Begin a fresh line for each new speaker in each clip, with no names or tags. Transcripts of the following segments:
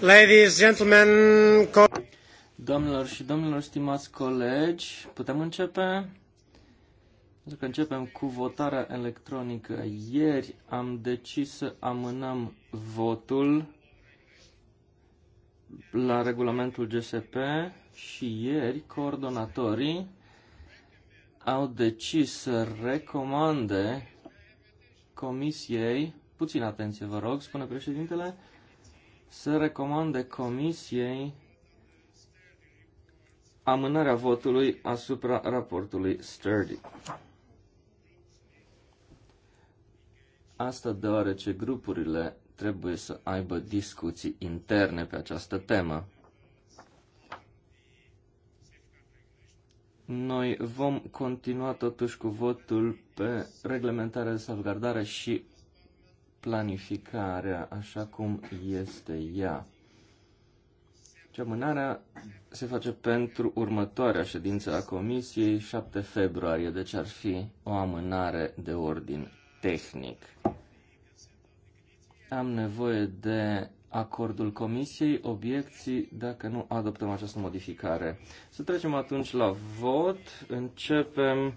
Ladies, gentlemen, Domnilor și domnilor, stimați colegi, putem începe? Pentru că începem cu votarea electronică. Ieri am decis să amânăm votul la regulamentul GSP și ieri coordonatorii au decis să recomande comisiei, puțin atenție vă rog, spune președintele, să recomande comisiei amânarea votului asupra raportului Sturdy. Asta deoarece grupurile trebuie să aibă discuții interne pe această temă. Noi vom continua totuși cu votul pe reglementarea de salvgardare și planificarea așa cum este ea. Și amânarea se face pentru următoarea ședință a Comisiei, 7 februarie, deci ar fi o amânare de ordin tehnic. Am nevoie de acordul comisiei, obiecții dacă nu adoptăm această modificare. Să trecem atunci la vot. Începem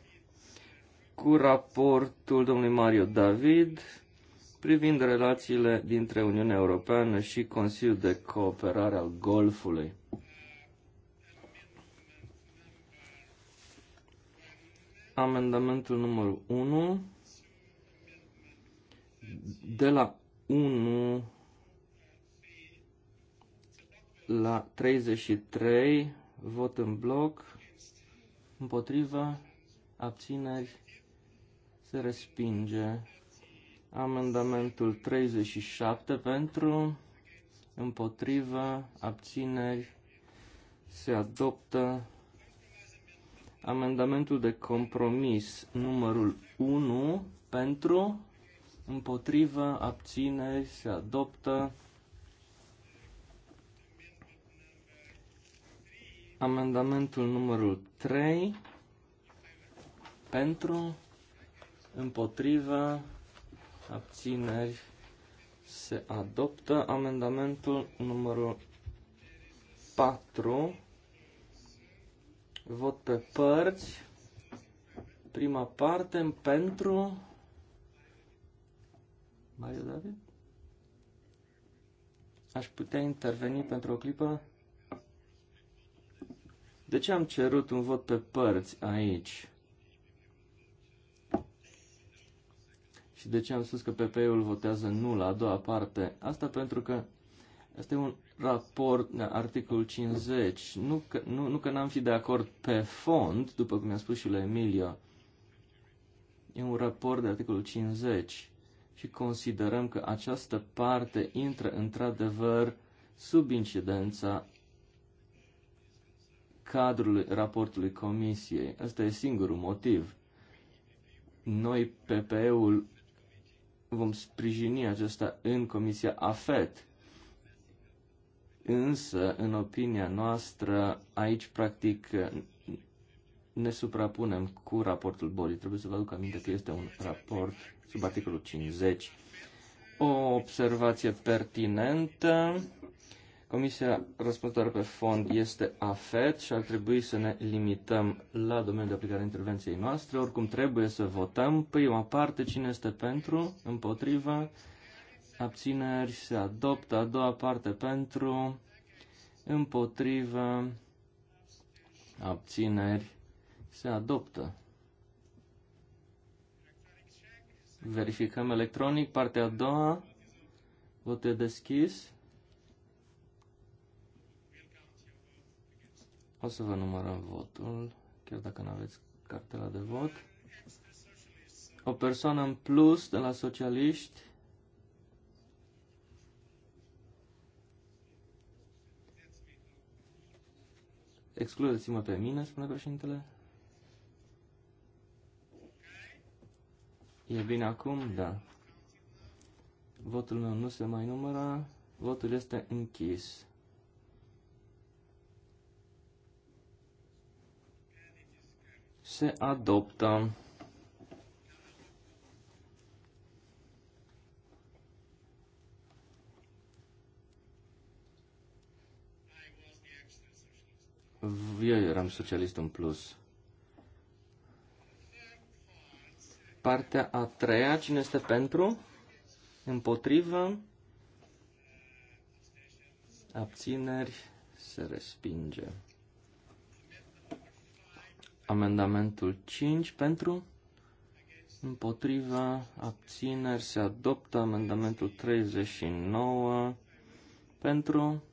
cu raportul domnului Mario David privind relațiile dintre Uniunea Europeană și Consiliul de Cooperare al Golfului. Amendamentul numărul 1 de la 1 la 33, vot în bloc, împotriva, abțineri, se respinge. Amendamentul 37 pentru, împotriva, abțineri, se adoptă. Amendamentul de compromis numărul 1 pentru, împotriva, abțineri, se adoptă. Amendamentul numărul 3 pentru, împotrivă, abțineri se adoptă. Amendamentul numărul 4 vot pe părți. Prima parte pentru Mario David. Aș putea interveni pentru o clipă? De ce am cerut un vot pe părți aici? Și de ce am spus că PP-ul votează nu la a doua parte? Asta pentru că este un raport, articolul 50. Nu că, nu, nu că n-am fi de acord pe fond, după cum mi-a spus și la Emilio. E un raport de articolul 50 și considerăm că această parte intră într-adevăr sub incidența cadrul raportului comisiei. Ăsta e singurul motiv. Noi, PPE-ul, vom sprijini acesta în Comisia AFET. Însă, în opinia noastră, aici, practic, ne suprapunem cu raportul Boli. Trebuie să vă aduc aminte că este un raport sub articolul 50. O observație pertinentă Comisia răspunzătoare pe fond este AFET și ar trebui să ne limităm la domeniul de aplicare a intervenției noastre. Oricum trebuie să votăm prima parte, cine este pentru, împotriva, abțineri, se adoptă, a doua parte pentru, împotriva, abțineri, se adoptă. Verificăm electronic partea a doua, votul deschis. O să vă numărăm votul, chiar dacă nu aveți cartela de vot. O persoană în plus de la socialiști. Excludeți-mă pe mine, spune președintele. E bine acum? Da. Votul meu nu se mai numără. Votul este închis. se adoptă. Eu eram socialist în plus. Partea a treia, cine este pentru? Împotrivă? Abțineri? Se respinge. Amendamentul 5 pentru, împotriva, abțineri, se adoptă. Amendamentul 39 pentru,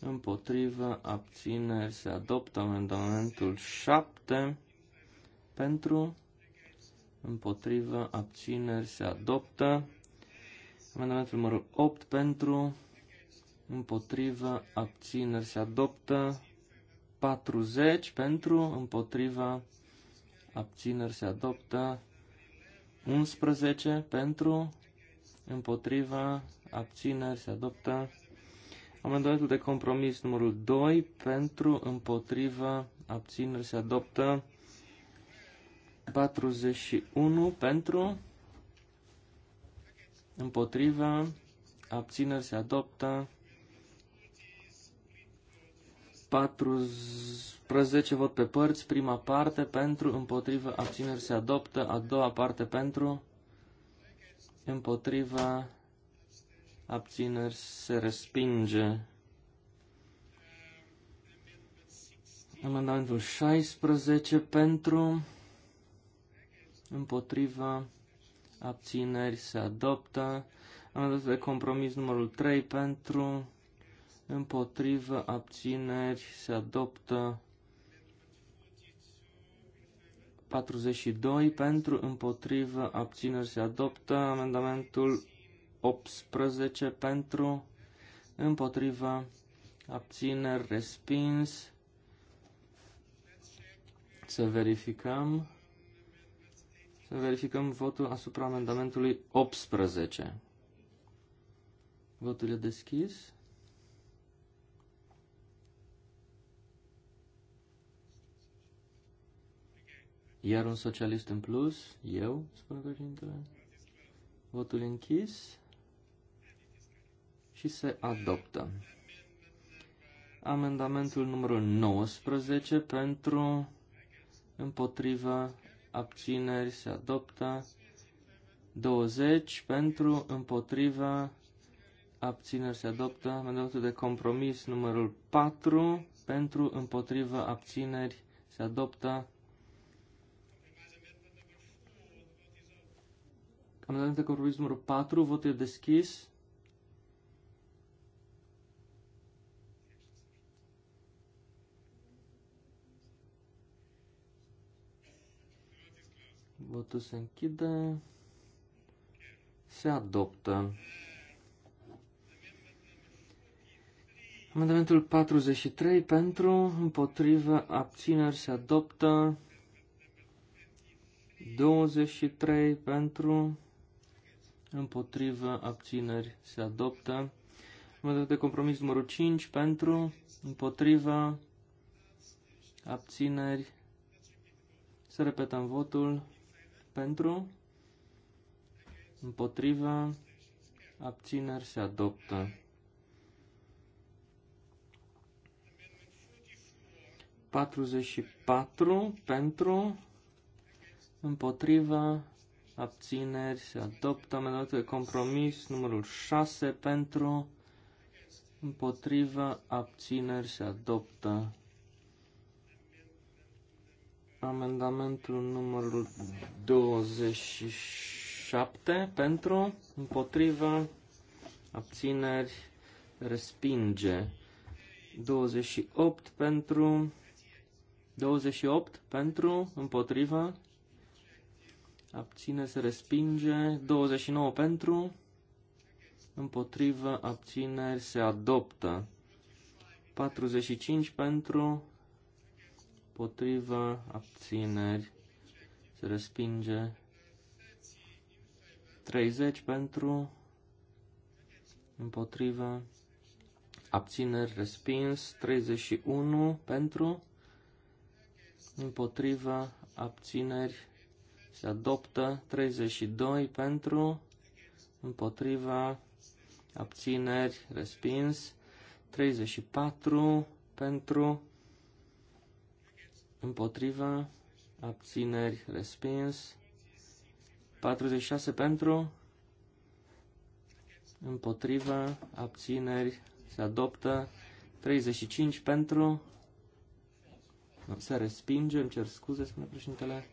împotriva, abțineri, se adoptă. Amendamentul 7 pentru, împotriva, abțineri, se adoptă. Amendamentul numărul 8 pentru, împotriva, abțineri, se adoptă. 40 pentru, împotriva, abțineri se adoptă. 11 pentru, împotriva, abțineri se adoptă. Amendamentul de compromis numărul 2 pentru, împotriva, abțineri se adoptă. 41 pentru, împotriva, abțineri se adoptă. 14 vot pe părți, prima parte pentru, împotrivă, abțineri se adoptă, a doua parte pentru, împotriva, abțineri se respinge. Amendamentul 16 pentru, împotriva, abțineri se adoptă. Amendamentul de compromis numărul 3 pentru, împotrivă, abțineri, se adoptă 42, pentru, împotrivă, abțineri, se adoptă amendamentul 18, pentru, împotrivă, abțineri, respins. Să verificăm. Să verificăm votul asupra amendamentului 18. Votul e deschis. Iar un socialist în plus? Eu? Spune președintele. Votul închis. Și se adoptă. Amendamentul numărul 19 pentru împotriva abțineri se adoptă. 20 pentru împotriva abțineri se adoptă. Amendamentul de compromis numărul 4 pentru împotriva abțineri se adoptă. Amendament de compromis numărul 4, votul e deschis. Votul se închide. Se adoptă. Amendamentul 43 pentru, împotrivă, abțineri se adoptă. 23 pentru, împotrivă, abțineri, se adoptă. Amendamentul de compromis numărul 5, pentru, împotrivă, abțineri, să repetăm votul, pentru, împotrivă, abțineri, se adoptă. Patruzeci și patru pentru împotriva abțineri, se adoptă. amendamentul de compromis numărul 6 pentru, împotrivă, abțineri, se adoptă. Amendamentul numărul 27 pentru, împotrivă, abțineri, respinge. 28 pentru, 28 pentru, împotriva, abține, se respinge, 29 pentru, împotrivă, abțineri, se adoptă, 45 pentru, împotrivă, abțineri, se respinge, 30 pentru, împotrivă, abțineri, respins, 31 pentru, împotrivă, abțineri, se adoptă 32 pentru, împotriva, abțineri, respins, 34 pentru, împotriva, abțineri, respins, 46 pentru, împotriva, abțineri, se adoptă, 35 pentru, se respinge, îmi cer scuze, spune președintele,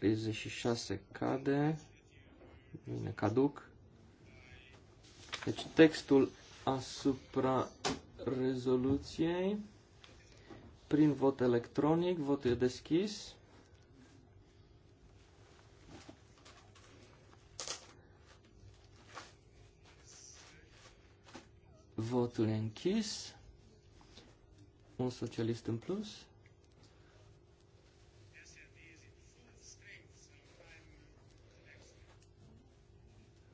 36 cade, bine, caduc. Deci textul asupra rezoluției prin vot electronic, votul e deschis. Votul e închis. Un socialist în plus.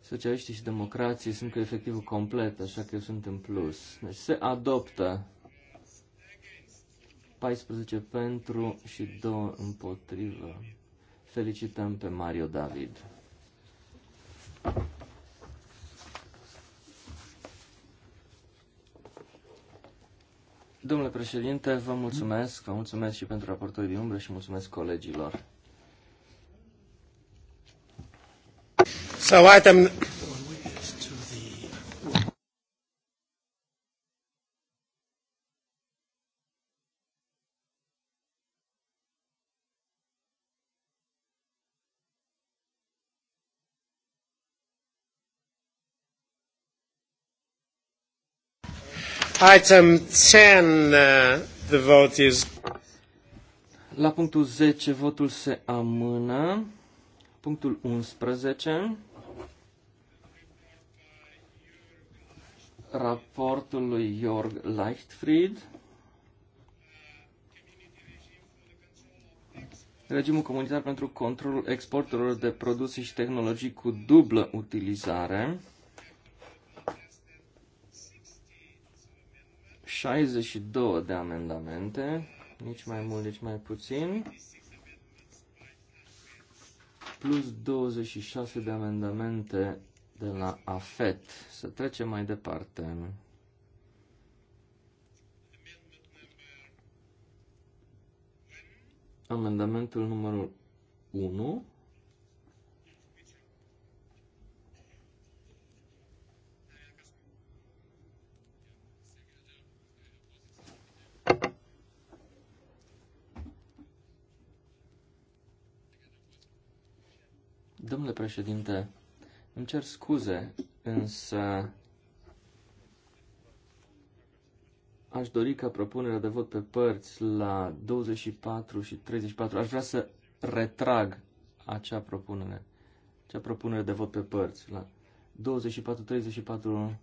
Socialiștii și democrații sunt cu efectivul complet, așa că eu sunt în plus. Deci se adoptă 14 pentru și 2 împotrivă. Felicităm pe Mario David. Domnule președinte, vă mulțumesc, vă mulțumesc și pentru raportul din umbră și mulțumesc colegilor. So
item Item 10,
uh, the vote is... La punctul 10, votul se amână. Punctul 11, raportul lui Jörg Leichtfried. Regimul comunitar pentru controlul exporturilor de produse și tehnologii cu dublă utilizare. 62 de amendamente, nici mai mult, nici mai puțin, plus 26 de amendamente de la AFET. Să trecem mai departe. Amendamentul numărul 1. Domnule președinte, îmi cer scuze, însă aș dori ca propunerea de vot pe părți la 24 și 34, aș vrea să retrag acea propunere, acea propunere de vot pe părți la 24, 34,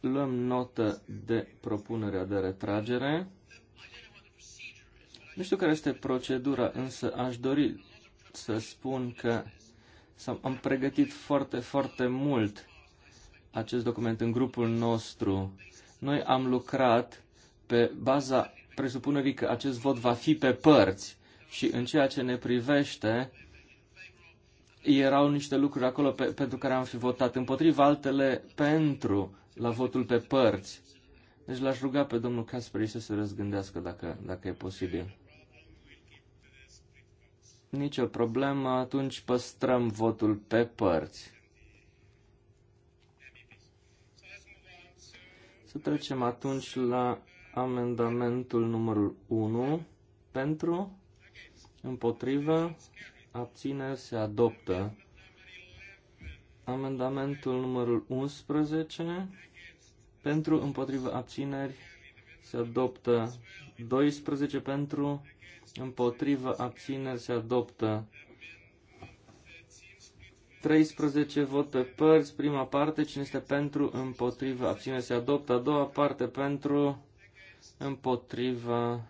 luăm notă de propunerea de retragere. Nu știu care este procedura, însă aș dori să spun că am pregătit foarte, foarte mult acest document în grupul nostru. Noi am lucrat pe baza presupunerii că acest vot va fi pe părți și în ceea ce ne privește erau niște lucruri acolo pe, pentru care am fi votat împotriva, altele pentru la votul pe părți. Deci l-aș ruga pe domnul Casperi să se răzgândească dacă, dacă e posibil. Nicio problemă, atunci păstrăm votul pe părți. Să trecem atunci la amendamentul numărul 1. Pentru, împotrivă, abțineri se adoptă. Amendamentul numărul 11. Pentru, împotrivă, abțineri se adoptă. 12 pentru, împotrivă, abțineri se adoptă. 13 vote părți, prima parte, cine este pentru, împotrivă, abține se adoptă. A doua parte pentru, împotrivă,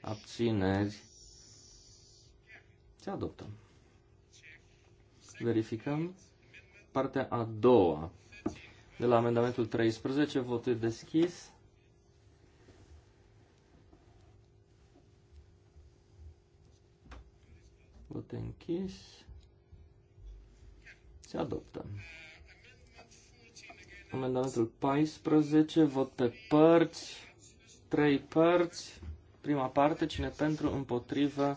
abțineri se adoptă. Verificăm partea a doua de la amendamentul 13, votul deschis. Vot închis. Se adoptă. Amendamentul 14, vot pe părți, trei părți. Prima parte, cine pentru, împotrivă,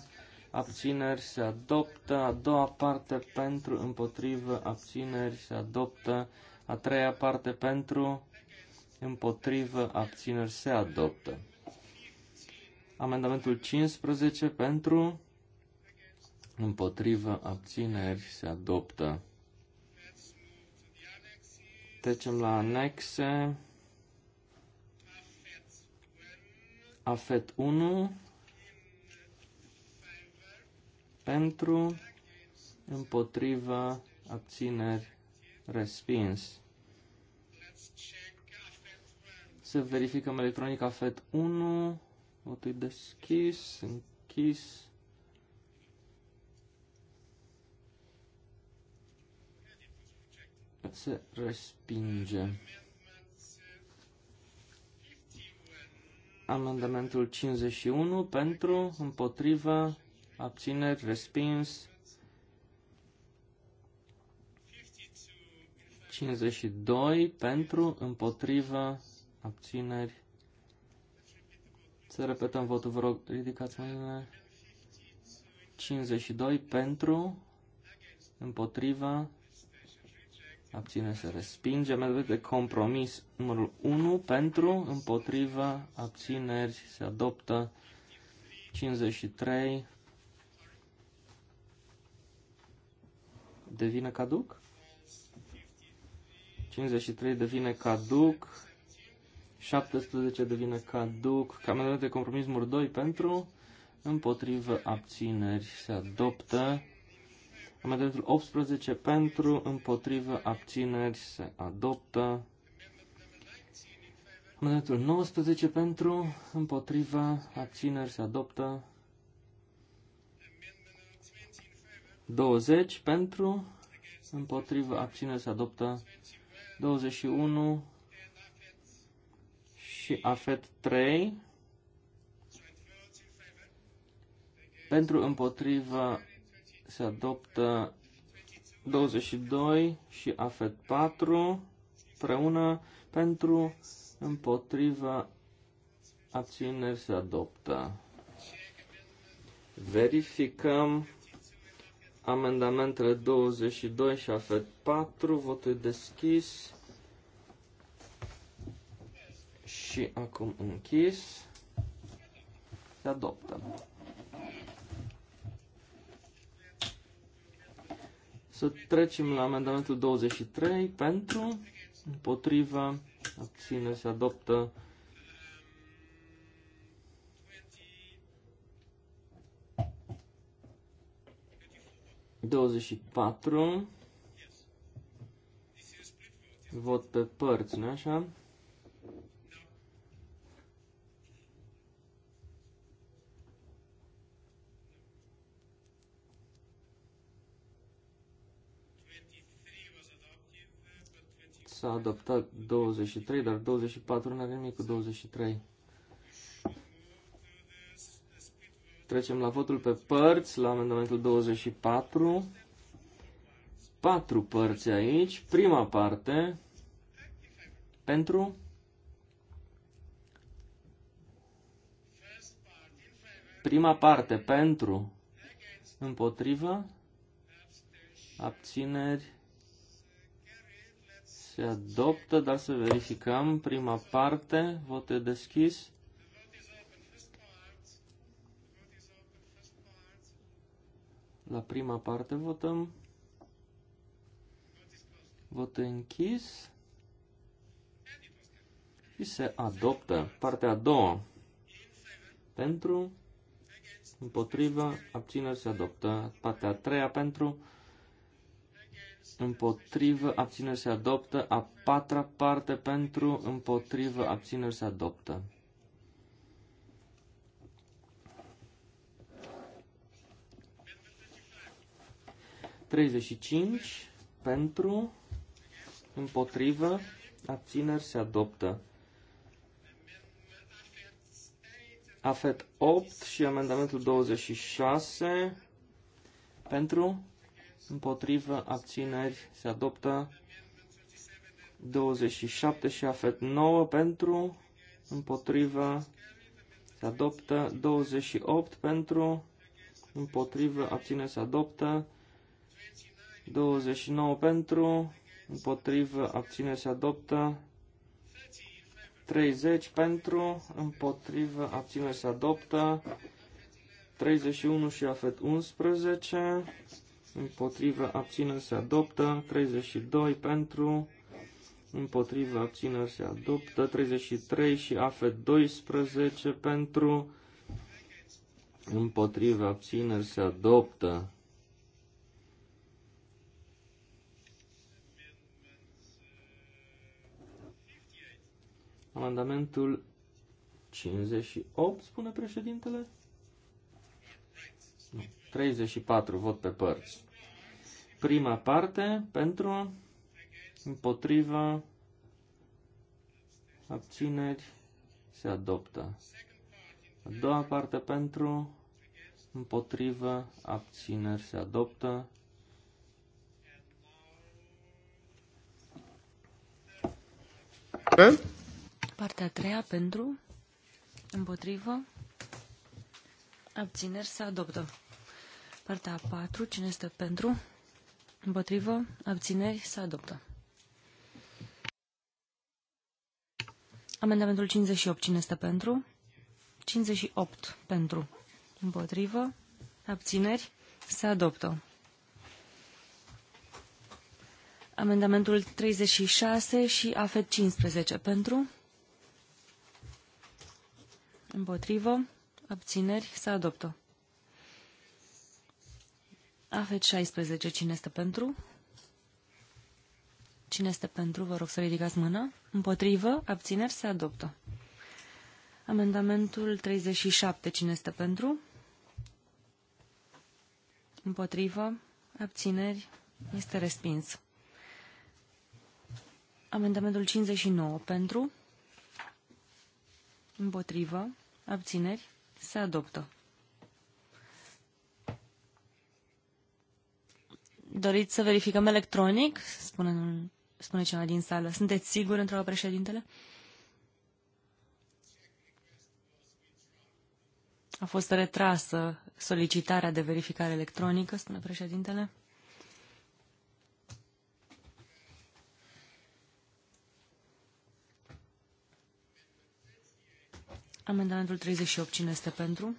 abțineri, se adoptă. A doua parte, pentru, împotrivă, abțineri, se adoptă. A treia parte, pentru, împotrivă, abțineri, se adoptă. Amendamentul 15, pentru, împotrivă, abțineri, se adoptă. Trecem la anexe. Afet 1 pentru, împotrivă, abțineri, respins. Să verificăm electronic Afet 1, votul deschis, închis. se respinge. Amendamentul 51 pentru, împotriva, abțineri, respins. 52 pentru, împotriva, abțineri. Să repetăm votul, vă rog, ridicați mâinile. 52 pentru, împotriva, abține se respinge. Amendament de compromis numărul 1 pentru, împotriva, abțineri se adoptă. 53 devine caduc? 53 devine caduc. 17 devine caduc. Amendament de compromis numărul 2 pentru, împotrivă, abțineri se adoptă. Amendamentul 18 pentru, împotrivă, abțineri, se adoptă. Amendamentul 19 pentru, împotriva, abțineri, se adoptă. 20 pentru, împotriva, abțineri, se adoptă. 21 și afet 3 pentru, împotriva, se adoptă 22 și AFET 4 împreună pentru împotriva abțineri se adoptă. Verificăm amendamentele 22 și AFET 4, votul deschis și acum închis. Se adoptă. Să trecem la amendamentul 23 pentru, împotriva, abține, se adoptă. Douăzeci și patru. Vot pe părți, nu așa? adaptat 23, dar 24 nu avem nimic cu 23. Trecem la votul pe părți, la amendamentul 24. Patru părți aici. Prima parte pentru prima parte pentru împotrivă abțineri se adoptă, dar să verificăm. Prima parte, vot e deschis. La prima parte votăm. Vot închis. Și se adoptă. Partea a doua. Pentru, împotriva, abțineri se adoptă. Partea a treia pentru, împotrivă, abțineri se adoptă. A patra parte pentru, împotrivă, abțineri se adoptă. Treizeci și cinci pentru, împotrivă, abțineri se adoptă. AFET 8 și amendamentul 26 pentru împotrivă, abțineri, se adoptă 27 și afet 9 pentru, împotrivă, se adoptă 28 pentru, împotrivă, abțineri, se adoptă 29 pentru, împotrivă, abțineri, se adoptă 30 pentru, împotrivă, abțineri, se adoptă 31 și afet 11 împotrivă, abțineri se adoptă, 32 pentru, împotrivă, abțineri se adoptă, 33 și AFE 12 pentru, împotrivă, abțineri se adoptă. Amendamentul 58, spune președintele? 34, vot pe părți. Prima parte, pentru, împotriva, abțineri, se adoptă. A doua parte, pentru, împotriva, abțineri, se adoptă.
Partea a treia, pentru, împotrivă, abțineri, se adoptă. Partea a patru cine este pentru? Împotrivă, abțineri, se adoptă. Amendamentul 58, cine este pentru? 58 pentru. Împotrivă, abțineri, se adoptă. Amendamentul 36 și AFET 15 pentru. Împotrivă, abțineri, se adoptă. Aveți 16. Cine este pentru? Cine este pentru? Vă rog să ridicați mâna. Împotrivă? Abțineri? Se adoptă. Amendamentul 37. Cine este pentru? Împotrivă? Abțineri? Este respins. Amendamentul 59. Pentru? Împotrivă? Abțineri? Se adoptă. Doriți să verificăm electronic? Spune, spune ceva din sală. Sunteți siguri, într-o președintele? A fost retrasă solicitarea de verificare electronică, spune președintele. Amendamentul 38, cine este pentru?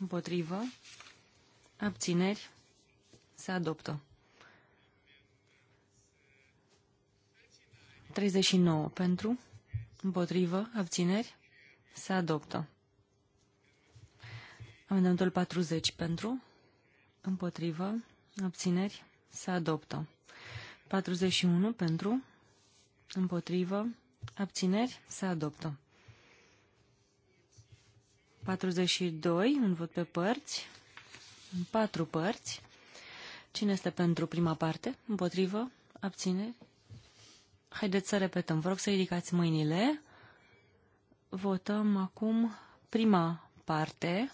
Împotrivă? Abțineri? Se adoptă. 39 pentru, împotrivă, abțineri, se adoptă. Amendamentul 40 pentru, împotrivă, abțineri, se adoptă. 41 pentru, împotrivă, abțineri, se adoptă. 42, un vot pe părți, în patru părți. Cine este pentru prima parte? Împotrivă, abțineri, Haideți să repetăm. Vă rog să ridicați mâinile. Votăm acum prima parte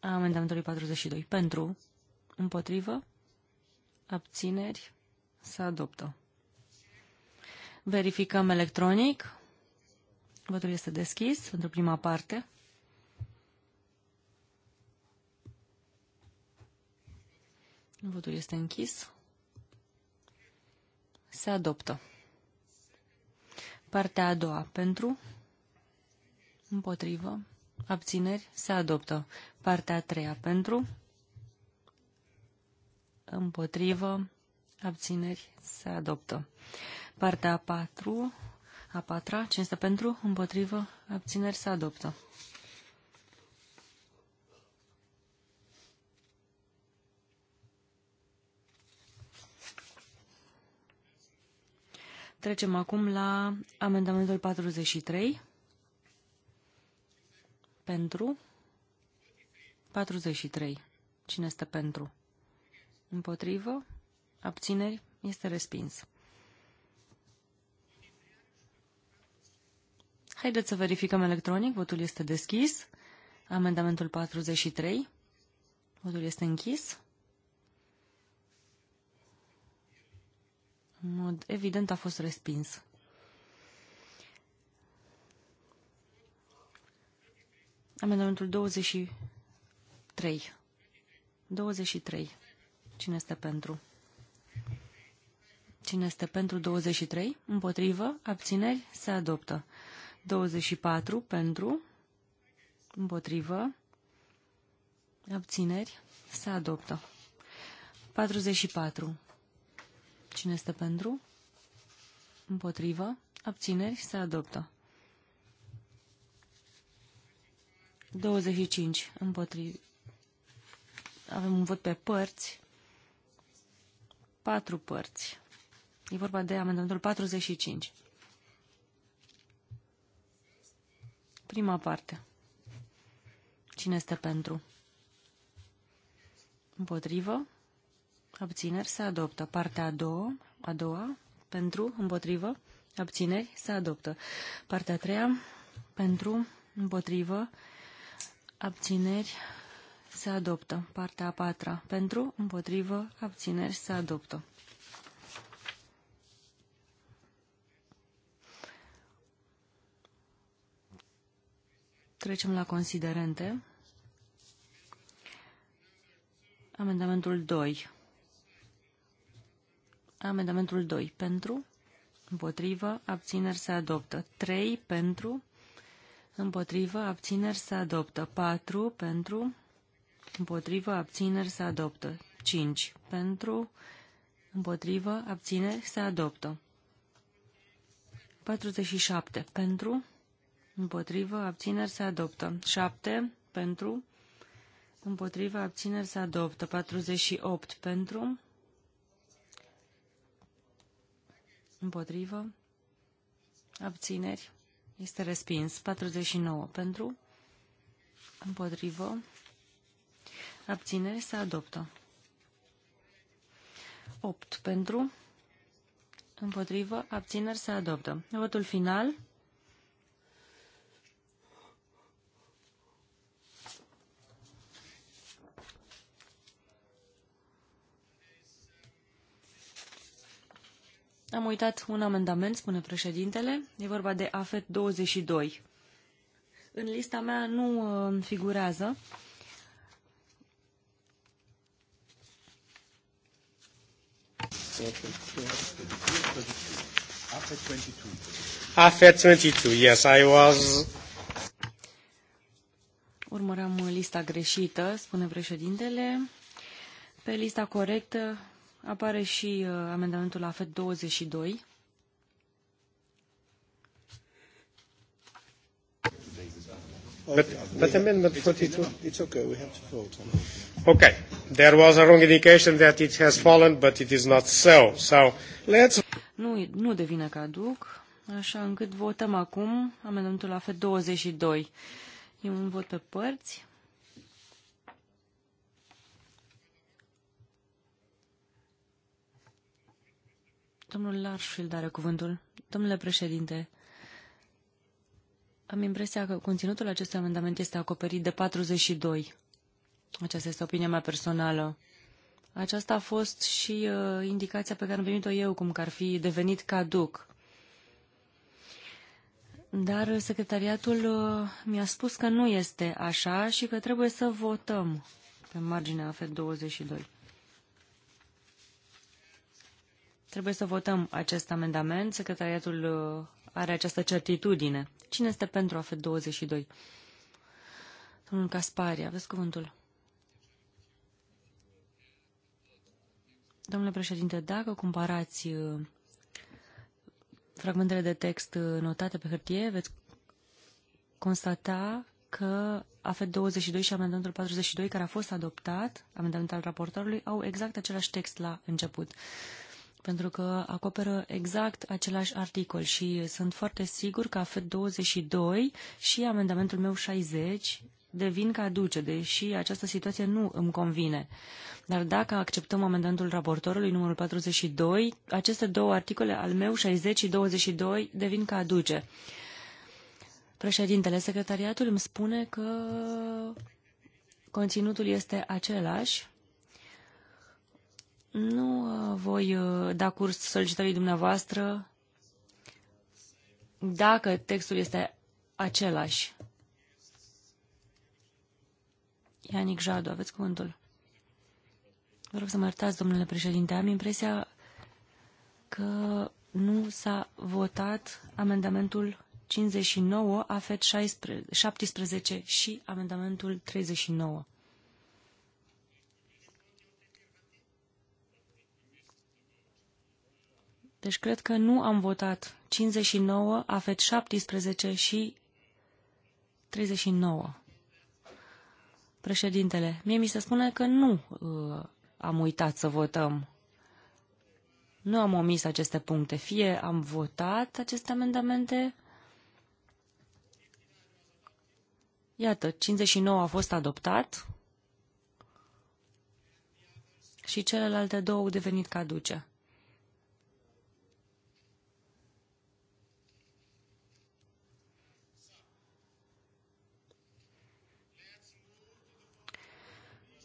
a amendamentului 42. Pentru, împotrivă, abțineri, se adoptă. Verificăm electronic. Votul este deschis pentru prima parte. Votul este închis. Se adoptă. Partea a doua. Pentru? Împotrivă. Abțineri? Se adoptă. Partea a treia. Pentru? Împotrivă. Abțineri? Se adoptă. Partea a patru. A patra. Cinste pentru? Împotrivă. Abțineri? Se adoptă. Trecem acum la amendamentul 43. Pentru. 43. Cine este pentru? Împotrivă? Abțineri? Este respins. Haideți să verificăm electronic. Votul este deschis. Amendamentul 43. Votul este închis. În mod evident a fost respins. Amendamentul 23. 23. Cine este pentru? Cine este pentru 23? Împotrivă? Abțineri? Se adoptă. 24 pentru? Împotrivă? Abțineri? Se adoptă. 44 Cine este pentru? Împotrivă? Abțineri? Se adoptă. 25. Împotrivă. Avem un vot pe părți. Patru părți. E vorba de amendamentul 45. Prima parte. Cine este pentru? Împotrivă? abțineri, se adoptă. Partea a doua, a doua, pentru, împotrivă, abțineri, se adoptă. Partea a treia, pentru, împotrivă, abțineri, se adoptă. Partea a patra, pentru, împotrivă, abțineri, se adoptă. Trecem la considerente. Amendamentul 2. Amendamentul 2 pentru, împotrivă, abțineri se adoptă. 3 pentru, împotrivă, abțineri se adoptă. 4 pentru, împotrivă, abțineri se adoptă. 5 pentru, împotrivă, abțineri se adoptă. 47 pentru, împotrivă, abțineri se adoptă. 7 pentru, împotrivă, abțineri se adoptă. 48 pentru, Împotrivă. Abțineri. Este respins. 49 pentru. Împotrivă. Abțineri se adoptă. 8 pentru. Împotrivă. Abțineri se adoptă. Votul final. Am uitat un amendament, spune președintele. E vorba de AFET 22. În lista mea nu uh, figurează.
AFET
22. AFET 22, yes, I was...
Urmăram lista greșită, spune președintele. Pe lista corectă Apare și uh, amendamentul la FED 22. But, but amendment 42, it's okay, we have to vote on
it. Okay, there was a wrong indication that it has fallen, but it is not so. So,
let's... Nu, nu devine caduc, așa încât votăm acum amendamentul la FED 22. E un vot pe părți. Domnul Larsfield are cuvântul. Domnule președinte, am impresia că conținutul acestui amendament este acoperit de 42. Aceasta este opinia mea personală. Aceasta a fost și uh, indicația pe care am venit-o eu, cum că ar fi devenit caduc. Dar secretariatul uh, mi-a spus că nu este așa și că trebuie să votăm pe marginea AFET 22. Trebuie să votăm acest amendament. Secretariatul uh, are această certitudine. Cine este pentru AFET 22? Domnul Caspari, aveți cuvântul. Domnule președinte, dacă comparați uh, fragmentele de text uh, notate pe hârtie, veți constata că AFET 22 și amendamentul 42 care a fost adoptat, amendamentul al raportorului, au exact același text la început pentru că acoperă exact același articol și sunt foarte sigur că AFET 22 și amendamentul meu 60 devin caduce, deși această situație nu îmi convine. Dar dacă acceptăm amendamentul raportorului numărul 42, aceste două articole al meu, 60 și 22, devin caduce. Președintele, Secretariatului îmi spune că conținutul este același, nu uh, voi uh, da curs solicitării dumneavoastră dacă textul este același. Ianic Jadu, aveți cuvântul. Vă rog să mă iertați, domnule președinte. Am impresia că nu s-a votat amendamentul 59, AFET 16, 17 și amendamentul 39. Deci cred că nu am votat 59, AFET 17 și 39. Președintele, mie mi se spune că nu uh, am uitat să votăm. Nu am omis aceste puncte. Fie am votat aceste amendamente. Iată, 59 a fost adoptat și celelalte două au devenit caduce.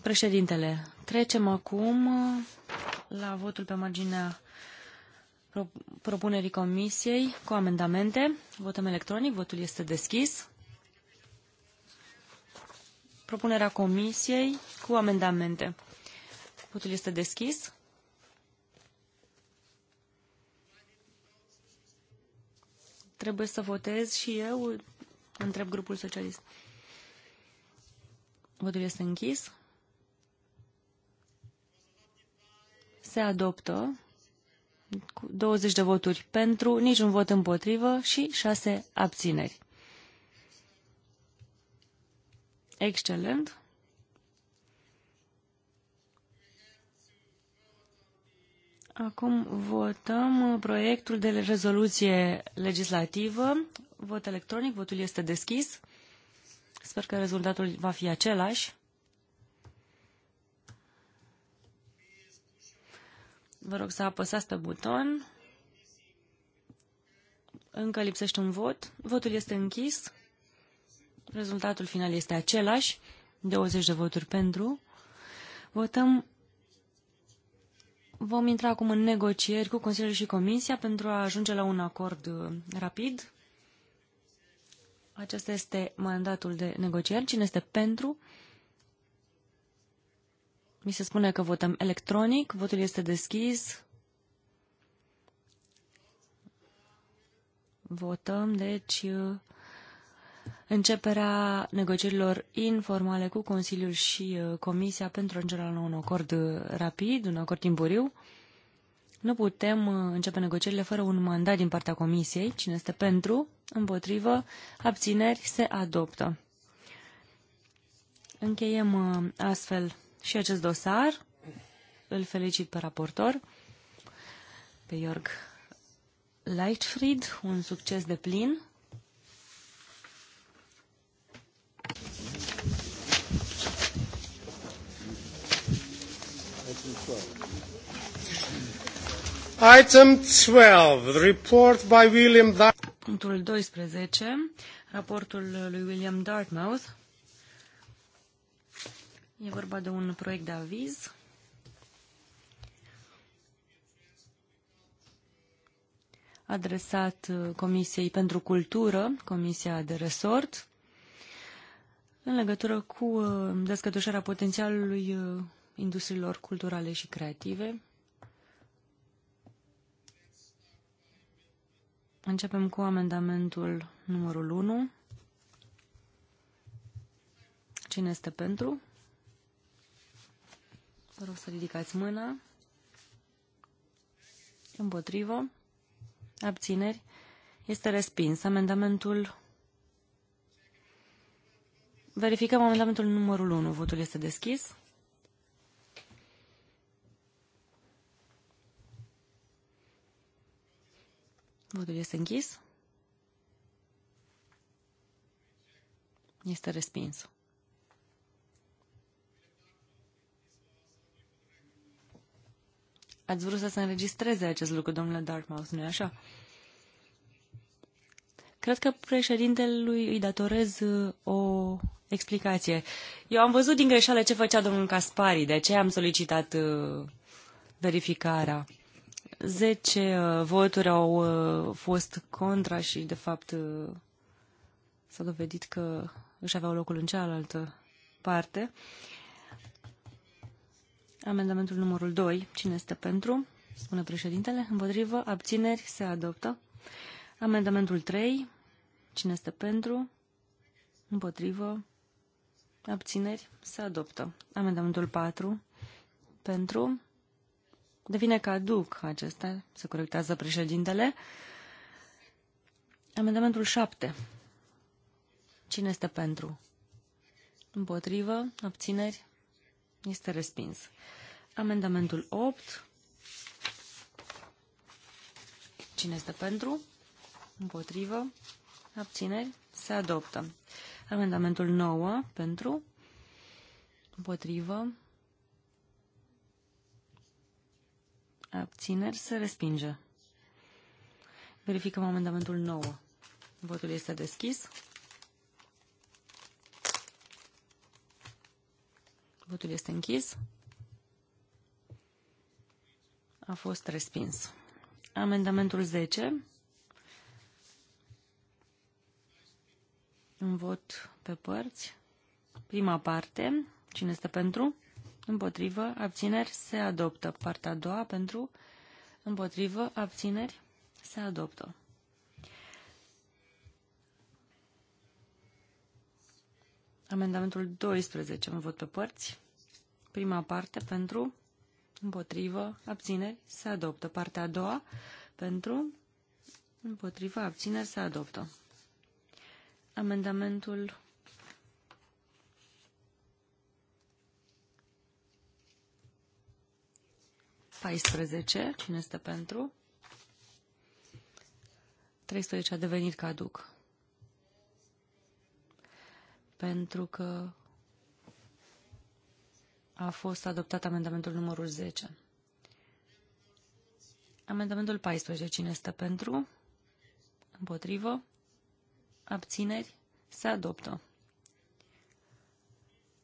Președintele, trecem acum la votul pe marginea propunerii comisiei cu amendamente. Votăm electronic, votul este deschis. Propunerea comisiei cu amendamente. Votul este deschis. Trebuie să votez și eu, întreb grupul socialist. Votul este închis. se adoptă cu 20 de voturi pentru, niciun vot împotrivă și 6 abțineri. Excelent! Acum votăm proiectul de rezoluție legislativă. Vot electronic, votul este deschis. Sper că rezultatul va fi același. Vă rog să apăsați pe buton. Încă lipsește un vot. Votul este închis. Rezultatul final este același. 20 de voturi pentru. Votăm. Vom intra acum în negocieri cu Consiliul și Comisia pentru a ajunge la un acord uh, rapid. Acesta este mandatul de negocieri. Cine este pentru? Pentru. Mi se spune că votăm electronic, votul este deschis. Votăm, deci, uh, începerea negocierilor informale cu Consiliul și uh, Comisia pentru începerea la un acord uh, rapid, un acord timpuriu. Nu putem începe negocierile fără un mandat din partea Comisiei. Cine este pentru, împotrivă, abțineri, se adoptă. Încheiem astfel și acest dosar. Îl felicit pe raportor, pe Iorg Lightfried, un succes de plin.
Item 12, report by
William Dartmouth. Punctul 12, raportul lui William Dartmouth E vorba de un proiect de aviz. adresat uh, Comisiei pentru Cultură, Comisia de Resort, în legătură cu uh, descătușarea potențialului uh, industriilor culturale și creative. Începem cu amendamentul numărul 1. Cine este pentru? Vă rog să ridicați mâna. Împotrivă. Abțineri. Este respins. Amendamentul... Verificăm amendamentul numărul 1. Votul este deschis. Votul este închis. Este respins. ați vrut să se înregistreze acest lucru, domnule Dartmouth, nu-i așa? Cred că președintelui îi datorez uh, o explicație. Eu am văzut din greșeală ce făcea domnul Caspari, de aceea am solicitat uh, verificarea. Zece uh, voturi au fost contra și, de fapt, s-a dovedit că își aveau locul în cealaltă parte. Amendamentul numărul 2. Cine este pentru? Spune președintele. Împotrivă. Abțineri. Se adoptă. Amendamentul 3. Cine este pentru? Împotrivă. Abțineri. Se adoptă. Amendamentul 4. Pentru. Devine caduc acesta. Se corectează președintele. Amendamentul 7. Cine este pentru? Împotrivă? Abțineri? Este respins. Amendamentul 8. Cine este pentru? Împotrivă? Abțineri? Se adoptă. Amendamentul 9. Pentru? Împotrivă? Abțineri? Se respinge. Verificăm amendamentul 9. Votul este deschis. Votul este închis. A fost respins. Amendamentul 10. Un vot pe părți. Prima parte. Cine este pentru? Împotrivă. Abțineri. Se adoptă. Partea a doua pentru. Împotrivă. Abțineri. Se adoptă. Amendamentul 12. Un vot pe părți. Prima parte pentru împotrivă, abțineri, se adoptă. Partea a doua, pentru, împotrivă, abțineri, se adoptă. Amendamentul paisprezece, cine este pentru? 13 a devenit caduc. Pentru că a fost adoptat amendamentul numărul 10. Amendamentul 14. Cine stă pentru? Împotrivă? Abțineri? Se adoptă.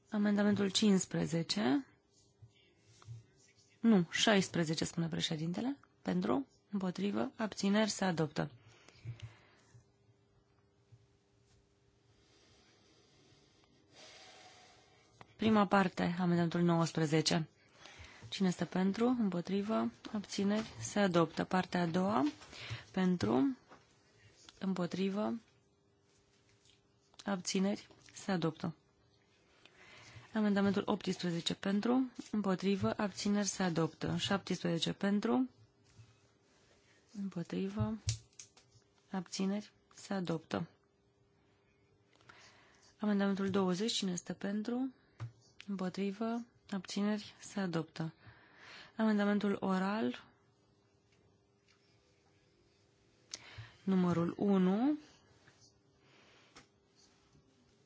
Amendamentul 15. Nu, 16, spune președintele. Pentru? Împotrivă? Abțineri? Se adoptă. Prima parte, amendamentul 19. Cine este pentru? Împotrivă? Abțineri? Se adoptă. Partea a doua. Pentru? Împotrivă? Abțineri? Se adoptă. Amendamentul 18 pentru, împotrivă, abțineri se adoptă. 17 pentru, împotrivă, abțineri se adoptă. Amendamentul 20, cine este pentru, Împotrivă. Abțineri. Se adoptă. Amendamentul oral. Numărul 1.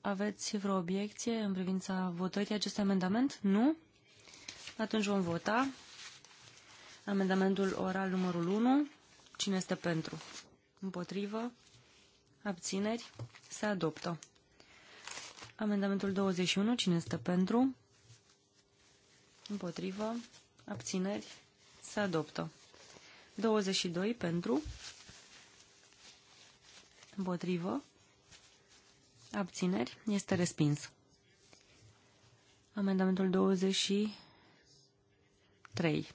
Aveți vreo obiecție în privința votării acestui amendament? Nu? Atunci vom vota. Amendamentul oral numărul 1. Cine este pentru? Împotrivă? Abțineri? Se adoptă. Amendamentul 21, cine este pentru? Împotrivă. Abțineri. Se adoptă. 22 pentru. Împotrivă. Abțineri. Este respins. Amendamentul 23.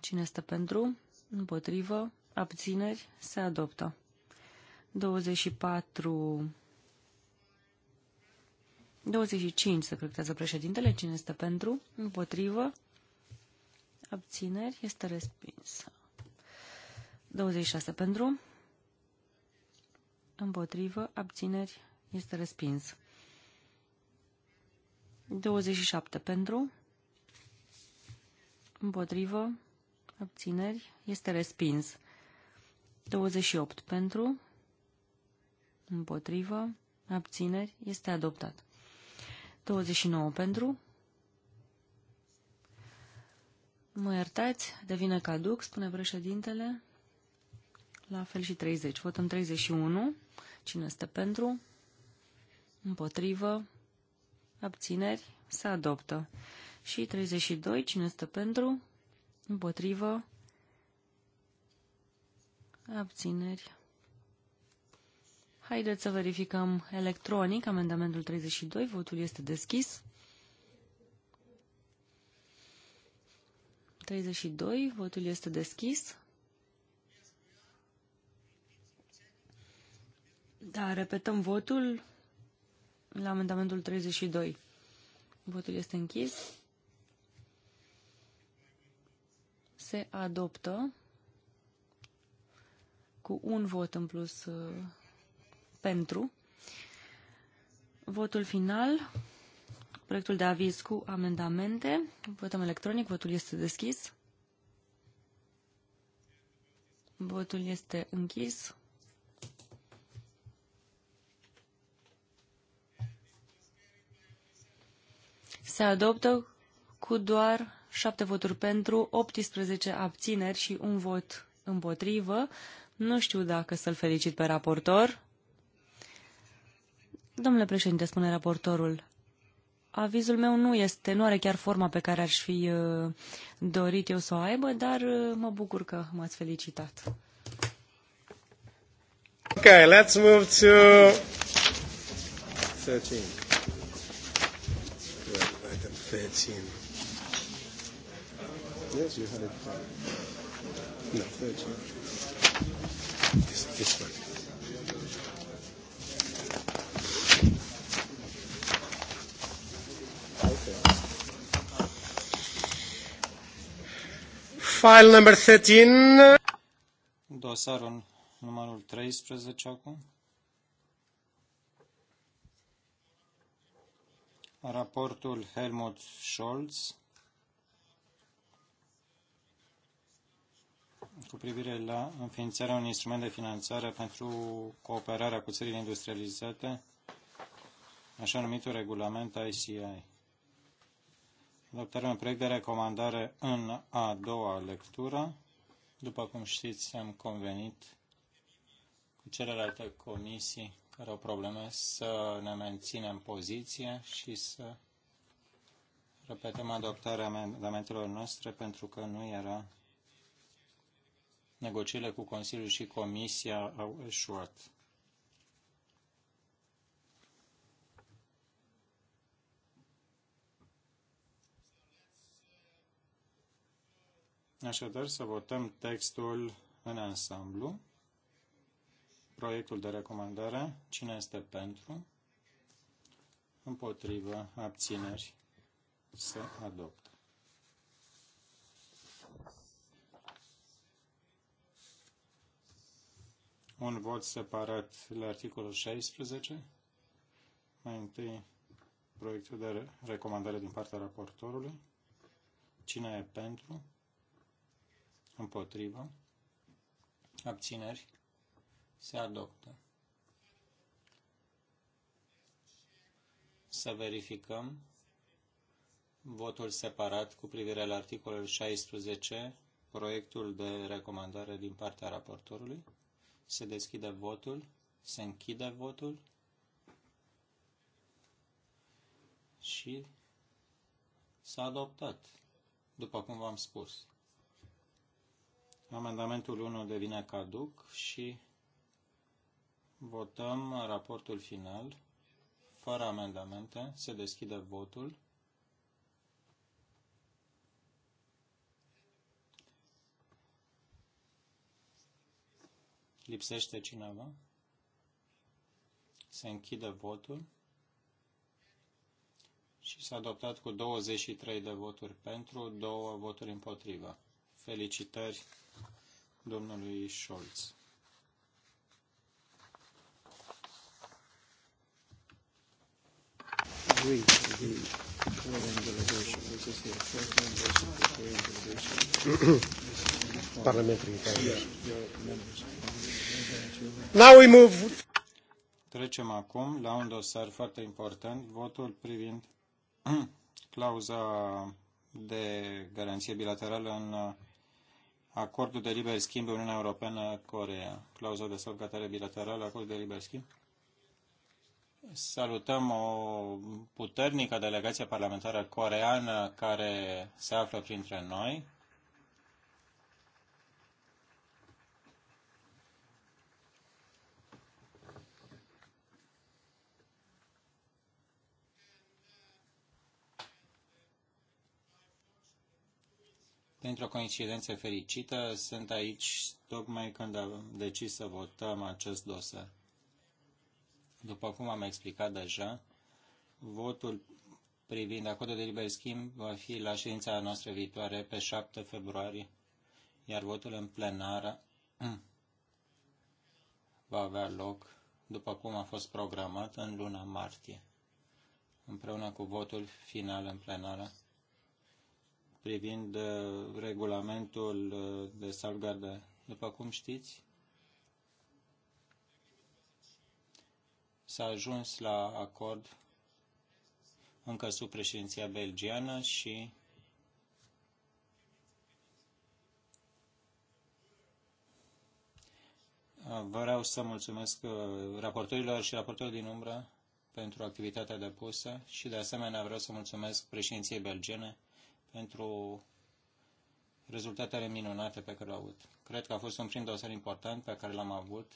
Cine este pentru? Împotrivă. Abțineri. Se adoptă. 24 25 se corectează președintele. Cine este pentru? Împotrivă? Abțineri? Este respinsă. 26 pentru? Împotrivă? Abțineri? Este respins. 27 pentru? Împotrivă? Abțineri? Este respins. 28 pentru? împotrivă, abțineri, este adoptat. 29 pentru, mă iertați, devine caduc, spune președintele, la fel și 30. Votăm 31, cine este pentru, împotrivă, abțineri, se adoptă. Și 32, cine este pentru, împotrivă, abțineri, Haideți să verificăm electronic amendamentul 32. Votul este deschis. 32. Votul este deschis. Da, repetăm votul la amendamentul 32. Votul este închis. Se adoptă cu un vot în plus uh, pentru. Votul final, proiectul de aviz cu amendamente. Votăm electronic, votul este deschis. Votul este închis. Se adoptă cu doar 7 voturi pentru, 18 abțineri și un vot împotrivă. Nu știu dacă să-l felicit pe raportor. Domnule președinte, spune raportorul, avizul meu nu este, nu are chiar forma pe care aș fi uh, dorit eu să o aibă, dar uh, mă bucur că m-ați felicitat. Ok,
let's move to 13. Well, Yes, you had it. No, thirteen. This, this one. File number 13.
Dosarul numărul 13 acum. Raportul Helmut Scholz cu privire la înființarea unui instrument de finanțare pentru cooperarea cu țările industrializate, așa numitul regulament ICI. Adoptarea un proiect de recomandare în a doua lectură. După cum știți, am convenit cu celelalte comisii care au probleme să ne menținem poziția și să repetăm adoptarea amendamentelor noastre pentru că nu era negocierile cu Consiliul și Comisia au eșuat. Așadar, să votăm textul în ansamblu. Proiectul de recomandare. Cine este pentru? Împotrivă. Abțineri. Se adoptă. un vot separat la articolul 16. Mai întâi, proiectul de recomandare din partea raportorului. Cine e pentru? împotrivă, abțineri, se adoptă. Să verificăm votul separat cu privire la articolul 16, proiectul de recomandare din partea raportorului. Se deschide votul, se închide votul și s-a adoptat, după cum v-am spus. Amendamentul 1 devine caduc și votăm raportul final. Fără amendamente, se deschide votul. Lipsește cineva? Se închide votul și s-a adoptat cu 23 de voturi pentru, două voturi împotriva. Felicitări domnului Scholz.
Now
we move.
Trecem acum la un dosar foarte important, votul privind clauza de garanție bilaterală în Acordul de liber schimb Uniunea Europeană-Corea, clauza de salvgatare bilaterală, acordul de liber schimb. Salutăm o puternică delegație parlamentară coreană care se află printre noi. Într-o coincidență fericită, sunt aici tocmai când am decis să votăm acest dosar. După cum am explicat deja, votul privind acordul de liber schimb va fi la ședința noastră viitoare pe 7 februarie, iar votul în plenară va avea loc, după cum a fost programat, în luna martie, împreună cu votul final în plenară privind uh, regulamentul uh, de salvgardare. După cum știți, s-a ajuns la acord încă sub președinția belgiană și vreau să mulțumesc uh, raportorilor și raportorilor din umbră pentru activitatea depusă și de asemenea vreau să mulțumesc președinției Belgiene pentru rezultatele minunate pe care le-au avut. Cred că a fost un prim dosar important pe care l-am avut,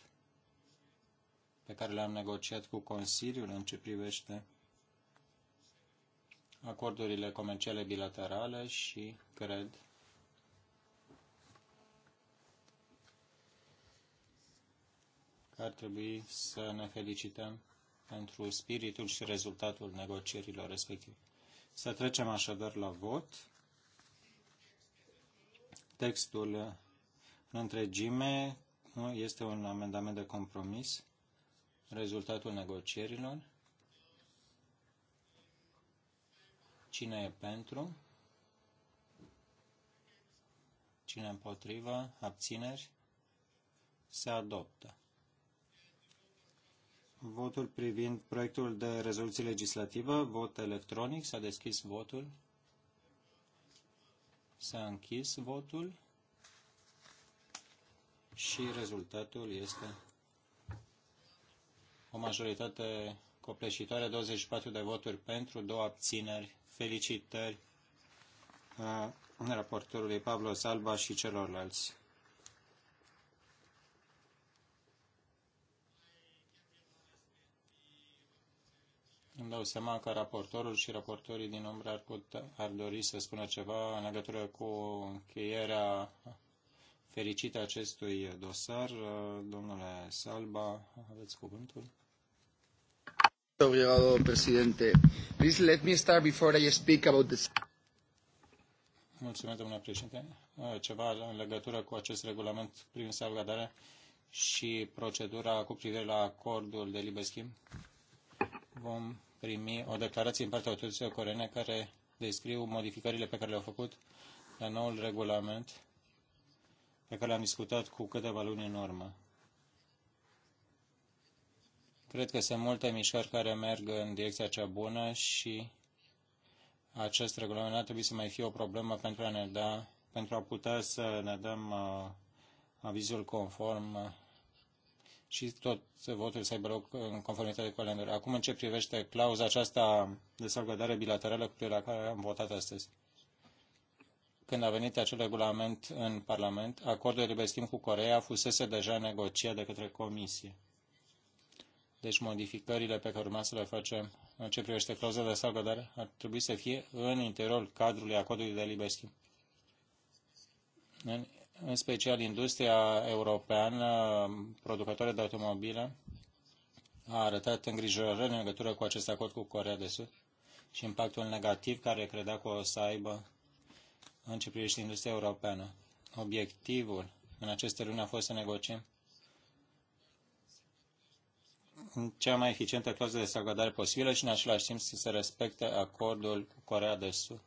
pe care l-am negociat cu Consiliul în ce privește acordurile comerciale bilaterale și cred că ar trebui să ne felicităm pentru spiritul și rezultatul negocierilor respective. Să trecem așadar la vot. Textul în întregime este un amendament de compromis, rezultatul negocierilor. Cine e pentru? Cine împotrivă? Abțineri? Se adoptă votul privind proiectul de rezoluție legislativă, vot electronic, s-a deschis votul, s-a închis votul și rezultatul este o majoritate copleșitoare, 24 de voturi pentru, două abțineri, felicitări uh, raportorului Pablo Salba și celorlalți. Îmi dau seama că raportorul și raportorii din umbră ar, putea, ar dori să spună ceva în legătură cu încheierea fericită acestui dosar. Domnule Salba, aveți cuvântul.
Please let me start before I speak about this.
Mulțumesc, domnule președinte. Ceva în legătură cu acest regulament prin salvgardare și procedura cu privire la acordul de liber schimb? vom primi o declarație în partea autorităților coreene care descriu modificările pe care le-au făcut la noul regulament pe care l-am discutat cu câteva luni în urmă. Cred că sunt multe mișcări care merg în direcția cea bună și acest regulament ar trebui să mai fie o problemă pentru a ne da, pentru a putea să ne dăm uh, avizul conform uh, și tot votul să aibă loc în conformitate cu calendar. Acum, în ce privește clauza aceasta de salvgardare bilaterală cu la care am votat astăzi? Când a venit acel regulament în Parlament, acordul de liber schimb cu Coreea fusese deja negociat de către Comisie. Deci modificările pe care urma să le facem în ce privește clauza de salvgardare ar trebui să fie în interiorul cadrului acordului de liber schimb. În în special industria europeană producătoare de automobile, a arătat îngrijorări în legătură cu acest acord cu Corea de Sud și impactul negativ care credea că o să aibă în ce privește industria europeană. Obiectivul în aceste luni a fost să negociem cea mai eficientă clauză de salvgardare posibilă și în același timp să se respecte acordul cu Corea de Sud.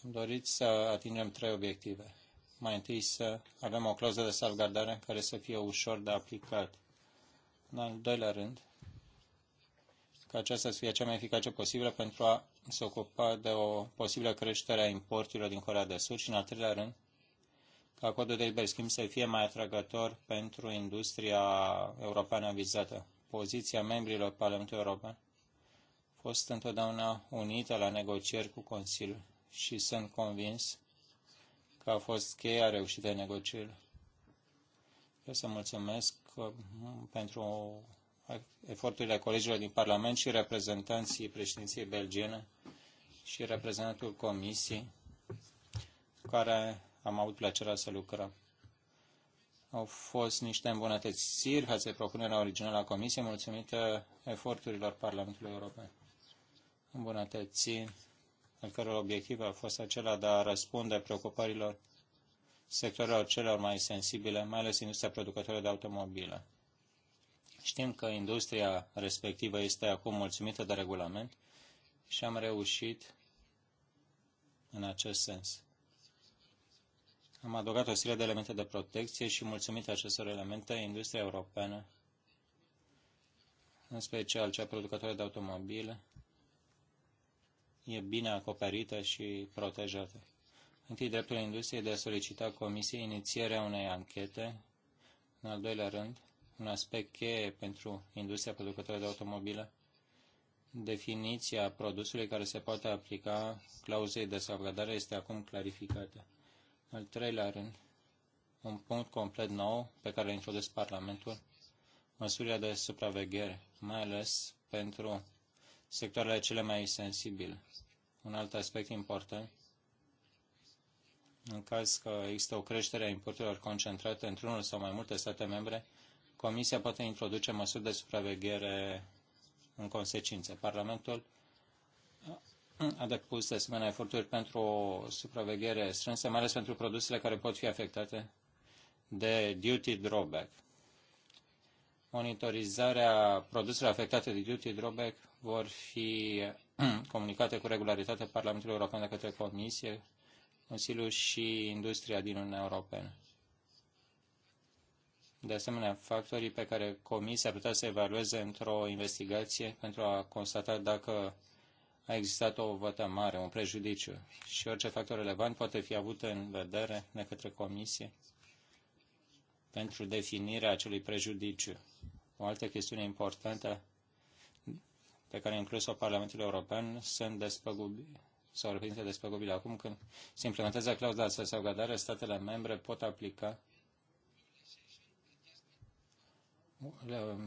Doriți să atingem trei obiective mai întâi să avem o clauză de salvgardare care să fie ușor de aplicat. În al doilea rând, ca aceasta să fie cea mai eficace posibilă pentru a se ocupa de o posibilă creștere a importurilor din Corea de Sud și, în al treilea rând, ca codul de liber schimb să fie mai atrăgător pentru industria europeană vizată. Poziția membrilor Parlamentului European fost întotdeauna unită la negocieri cu Consiliul și sunt convins că a fost cheia reușită negocierilor. Eu să mulțumesc uh, pentru eforturile colegilor din Parlament și reprezentanții președinției belgiene și reprezentantul Comisiei cu care am avut plăcerea să lucrăm. Au fost niște îmbunătățiri față de propunerea originală a Comisiei, mulțumită eforturilor Parlamentului European. Îmbunătățiri al căror obiectiv a fost acela de a răspunde preocupărilor sectorilor celor mai sensibile, mai ales industria producătoare de automobile. Știm că industria respectivă este acum mulțumită de regulament și am reușit în acest sens. Am adăugat o serie de elemente de protecție și mulțumită acestor elemente, industria europeană, în special cea producătoare de automobile, e bine acoperită și protejată. Întâi, dreptul industriei de a solicita comisiei inițierea unei anchete. În al doilea rând, un aspect cheie pentru industria producătoare de automobile, definiția produsului care se poate aplica clauzei de salvgardare este acum clarificată. În al treilea rând, un punct complet nou pe care l-a introdus Parlamentul, măsurile de supraveghere, mai ales pentru sectoarele cele mai sensibile. Un alt aspect important, în caz că există o creștere a importurilor concentrate într-unul sau mai multe state membre, Comisia poate introduce măsuri de supraveghere în consecință. Parlamentul a depus de asemenea eforturi pentru o supraveghere strânsă, mai ales pentru produsele care pot fi afectate de duty drawback monitorizarea produselor afectate de duty drawback vor fi comunicate cu regularitate Parlamentului European de către Comisie, Consiliul și industria din Uniunea Europeană. De asemenea, factorii pe care Comisia putea să evalueze într-o investigație pentru a constata dacă a existat o mare, un prejudiciu și orice factor relevant poate fi avut în vedere de către Comisie pentru definirea acelui prejudiciu. O altă chestiune importantă pe care a inclus-o Parlamentul European sunt despăgubiri sau reprezintă despăgubile. Acum când se implementează clauza de salvgardare, statele membre pot aplica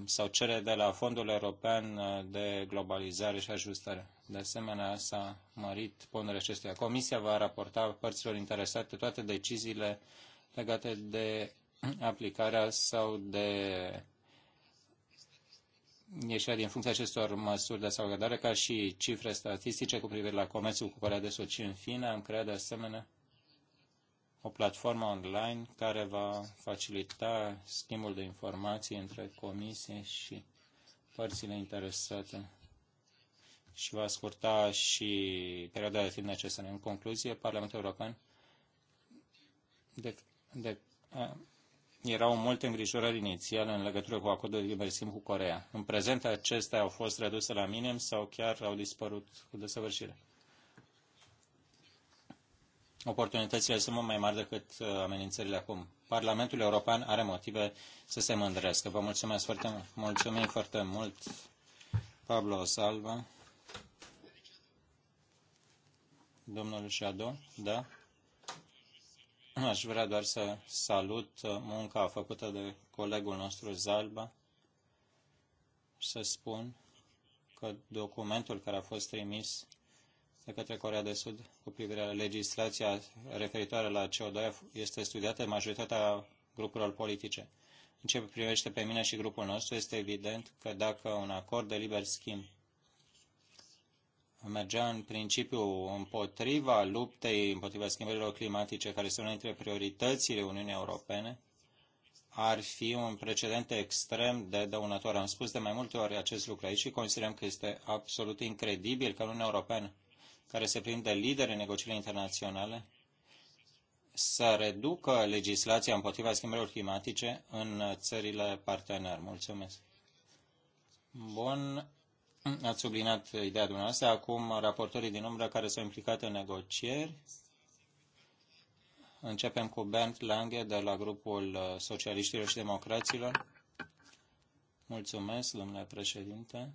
sau cere de la Fondul European de Globalizare și Ajustare. De asemenea, s-a mărit ponderea acestuia. Comisia va raporta părților interesate toate deciziile legate de aplicarea sau de ieșirea din funcția acestor măsuri de salvgardare, ca și cifre statistice cu privire la comerțul cu Corea de Sud. Și în fine, am creat de asemenea o platformă online care va facilita schimbul de informații între comisie și părțile interesate și va scurta și perioada de timp necesară. În concluzie, Parlamentul European de, de, a, erau multe îngrijorări inițiale în legătură cu acordul de liber schimb cu Corea. În prezent acestea au fost reduse la minim sau chiar au dispărut cu desăvârșire. Oportunitățile sunt mult mai mari decât uh, amenințările acum. Parlamentul European are motive să se mândrească. Vă mulțumesc foarte mult. Mulțumim foarte mult, Pablo Salva. Domnul Shadow, da? Aș vrea doar să salut uh, munca făcută de colegul nostru Zalba și să spun că documentul care a fost trimis de către Corea de Sud cu privire la legislația referitoare la CO2 este studiată în majoritatea grupurilor politice. În ce privește pe mine și grupul nostru, este evident că dacă un acord de liber schimb mergea în principiu împotriva luptei, împotriva schimbărilor climatice, care sunt una dintre prioritățile Uniunii Europene, ar fi un precedent extrem de dăunător. Am spus de mai multe ori acest lucru aici și considerăm că este absolut incredibil că Uniunea Europeană, care se prinde lider în negocierile internaționale, să reducă legislația împotriva schimbărilor climatice în țările partener. Mulțumesc. Bun, Ați subliniat ideea dumneavoastră. Acum, raportorii din umbră care s-au implicat în negocieri. Începem cu Bernd Lange de la grupul uh, Socialiștilor și Democraților. Mulțumesc, domnule președinte.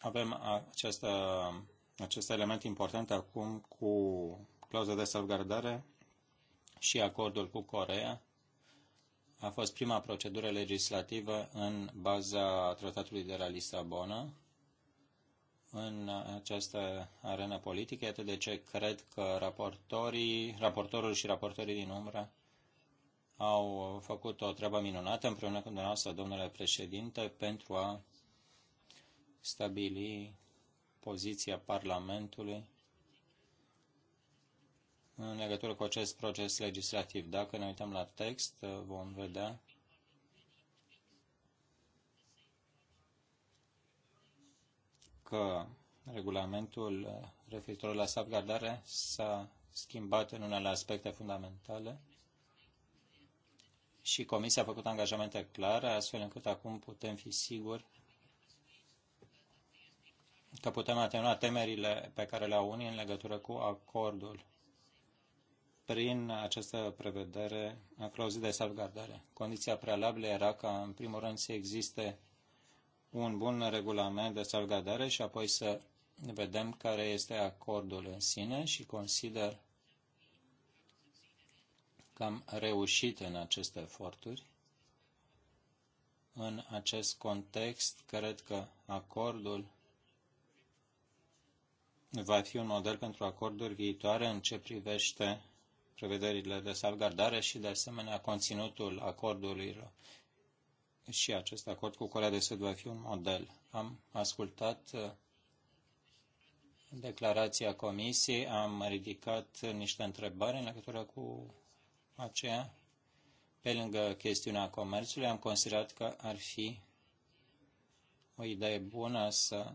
Avem această, acest element important acum cu clauza de salvgardare și acordul cu Corea a fost prima procedură legislativă în baza Tratatului de la Lisabona în această arenă politică, iată de ce cred că raportorii, raportorul și raportorii din umbră au făcut o treabă minunată împreună cu dumneavoastră, domnule președinte, pentru a stabili poziția Parlamentului în legătură cu acest proces legislativ. Dacă ne uităm la text, uh, vom vedea că regulamentul uh, referitor la salvgardare s-a schimbat în unele aspecte fundamentale și Comisia a făcut angajamente clare, astfel încât acum putem fi siguri că putem atenua temerile pe care le au unii în legătură cu acordul prin această prevedere a clauzii de salvgardare. Condiția prealabilă era ca, în primul rând, să existe un bun regulament de salvgardare și apoi să vedem care este acordul în sine și consider că am reușit în aceste eforturi. În acest context, cred că acordul va fi un model pentru acorduri viitoare în ce privește prevederile de salvgardare și, de asemenea, conținutul acordurilor. Și acest acord cu Corea de Sud va fi un model. Am ascultat uh, declarația Comisiei, am ridicat niște întrebări în legătură cu aceea. Pe lângă chestiunea comerțului, am considerat că ar fi o idee bună să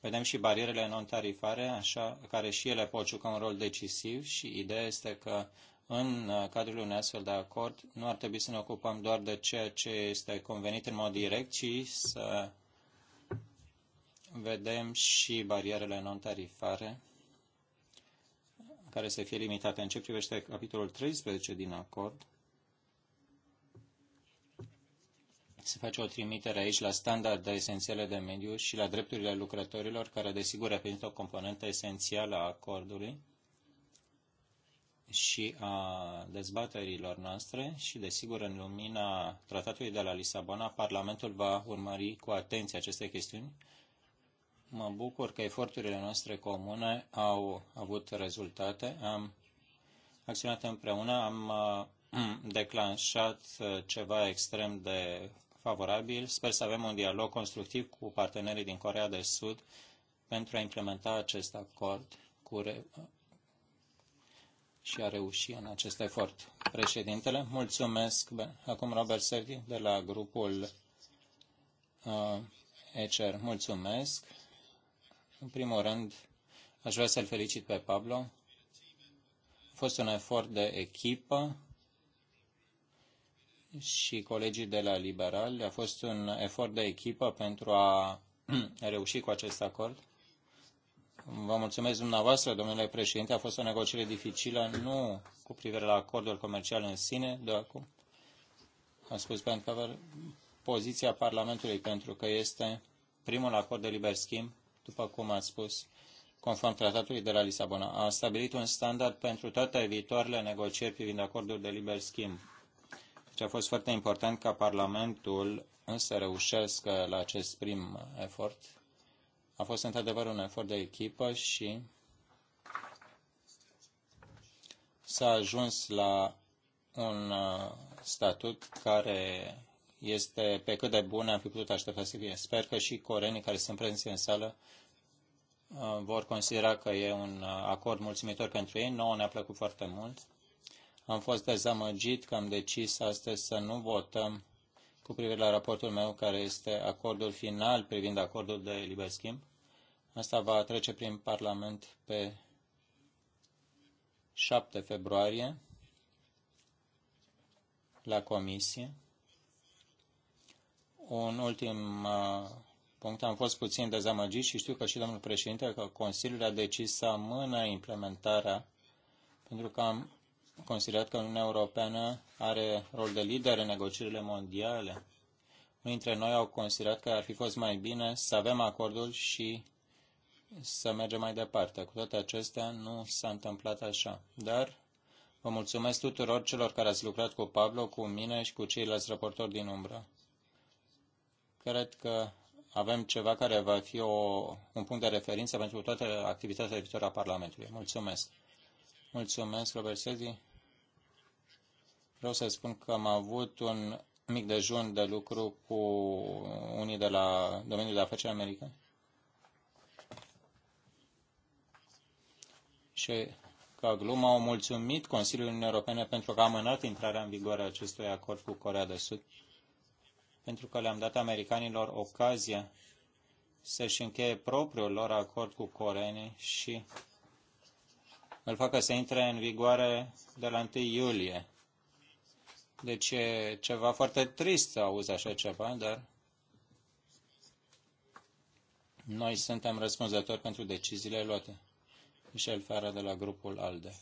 Vedem și barierele non-tarifare, așa, care și ele pot juca un rol decisiv și ideea este că în uh, cadrul unui astfel de acord nu ar trebui să ne ocupăm doar de ceea ce este convenit în mod direct, ci să vedem și barierele non-tarifare care să fie limitate. În ce privește capitolul 13 din acord, se face o trimitere aici la standarde esențiale de mediu și la drepturile lucrătorilor, care desigur reprezintă o componentă esențială a acordului și a dezbaterilor noastre și, desigur, în lumina tratatului de la Lisabona, Parlamentul va urmări cu atenție aceste chestiuni. Mă bucur că eforturile noastre comune au avut rezultate. Am acționat împreună, am uh, declanșat uh, ceva extrem de favorabil. Sper să avem un dialog constructiv cu partenerii din Corea de Sud pentru a implementa acest acord cu re... și a reuși în acest efort. Președintele, mulțumesc. Acum Robert Sergi de la grupul uh, ECR. Mulțumesc. În primul rând, aș vrea să-l felicit pe Pablo. A fost un efort de echipă și colegii de la Liberal. A fost un efort de echipă pentru a reuși cu acest acord. Vă mulțumesc dumneavoastră, domnule președinte. A fost o negociere dificilă, nu cu privire la acordul comercial în sine, doar acum. Am spus pentru că poziția Parlamentului, pentru că este primul acord de liber schimb, după cum ați spus, conform tratatului de la Lisabona. A stabilit un standard pentru toate viitoarele negocieri privind acordul de liber schimb deci a fost foarte important ca Parlamentul să reușească la acest prim efort. A fost într-adevăr un efort de echipă și s-a ajuns la un uh, statut care este pe cât de bun am fi putut aștepta să fie. Sper că și corenii care sunt prezenți în sală uh, vor considera că e un uh, acord mulțumitor pentru ei. Nouă ne-a plăcut foarte mult. Am fost dezamăgit că am decis astăzi să nu votăm cu privire la raportul meu, care este acordul final privind acordul de liber schimb. Asta va trece prin Parlament pe 7 februarie la comisie. Un ultim uh, punct. Am fost puțin dezamăgit și știu că și domnul președinte că Consiliul a decis să amână implementarea pentru că am considerat că Uniunea Europeană are rol de lider în negocierile mondiale. Unii dintre noi au considerat că ar fi fost mai bine să avem acordul și să mergem mai departe. Cu toate acestea, nu s-a întâmplat așa. Dar vă mulțumesc tuturor celor care ați lucrat cu Pablo, cu mine și cu ceilalți raportori din umbră. Cred că avem ceva care va fi o, un punct de referință pentru toată activitatea viitoare a Parlamentului. Mulțumesc! Mulțumesc, Robert Sedi. Vreau să spun că am avut un mic dejun de lucru cu unii de la domeniul de afaceri american. Și ca glumă au mulțumit Consiliul Uniunii Europene pentru că a amânat intrarea în vigoare a acestui acord cu Corea de Sud, pentru că le-am dat americanilor ocazia să-și încheie propriul lor acord cu coreenii și îl facă să intre în vigoare de la 1 iulie. Deci e ceva foarte trist să auzi așa ceva, dar noi suntem răspunzători pentru deciziile luate. Michel Fara de la grupul ALDE.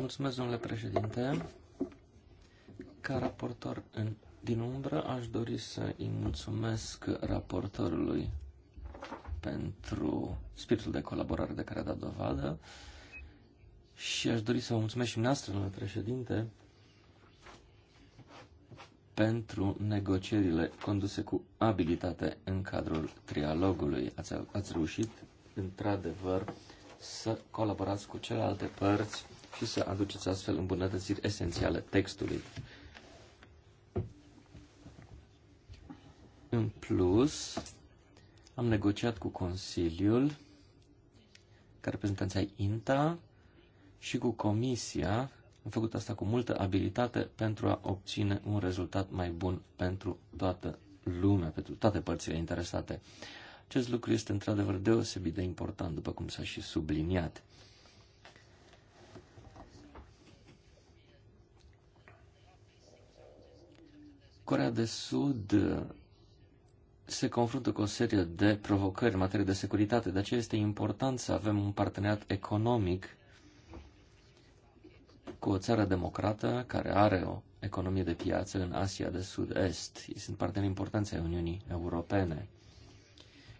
Mulțumesc, domnule președinte. Ca raportor în din umbră aș dori să îi mulțumesc raportorului pentru spiritul de colaborare de care a dat dovadă și aș dori să vă mulțumesc și noastră, domnule președinte, pentru negocierile conduse cu abilitate în cadrul trialogului. Ați, ați reușit, într-adevăr, să colaborați cu celelalte părți și să aduceți astfel îmbunătățiri esențiale textului. În plus, am negociat cu Consiliul, ca reprezentanța INTA, și cu Comisia, am făcut asta cu multă abilitate pentru a obține un rezultat mai bun pentru toată lumea, pentru toate părțile interesate. Acest lucru este într-adevăr deosebit de important, după cum s-a și subliniat. Corea de Sud se confruntă cu o serie de provocări în materie de securitate, de aceea este important să avem un parteneriat economic cu o țară democrată care are o economie de piață în Asia de Sud-Est. Ei sunt parteneri importanți ai Uniunii Europene.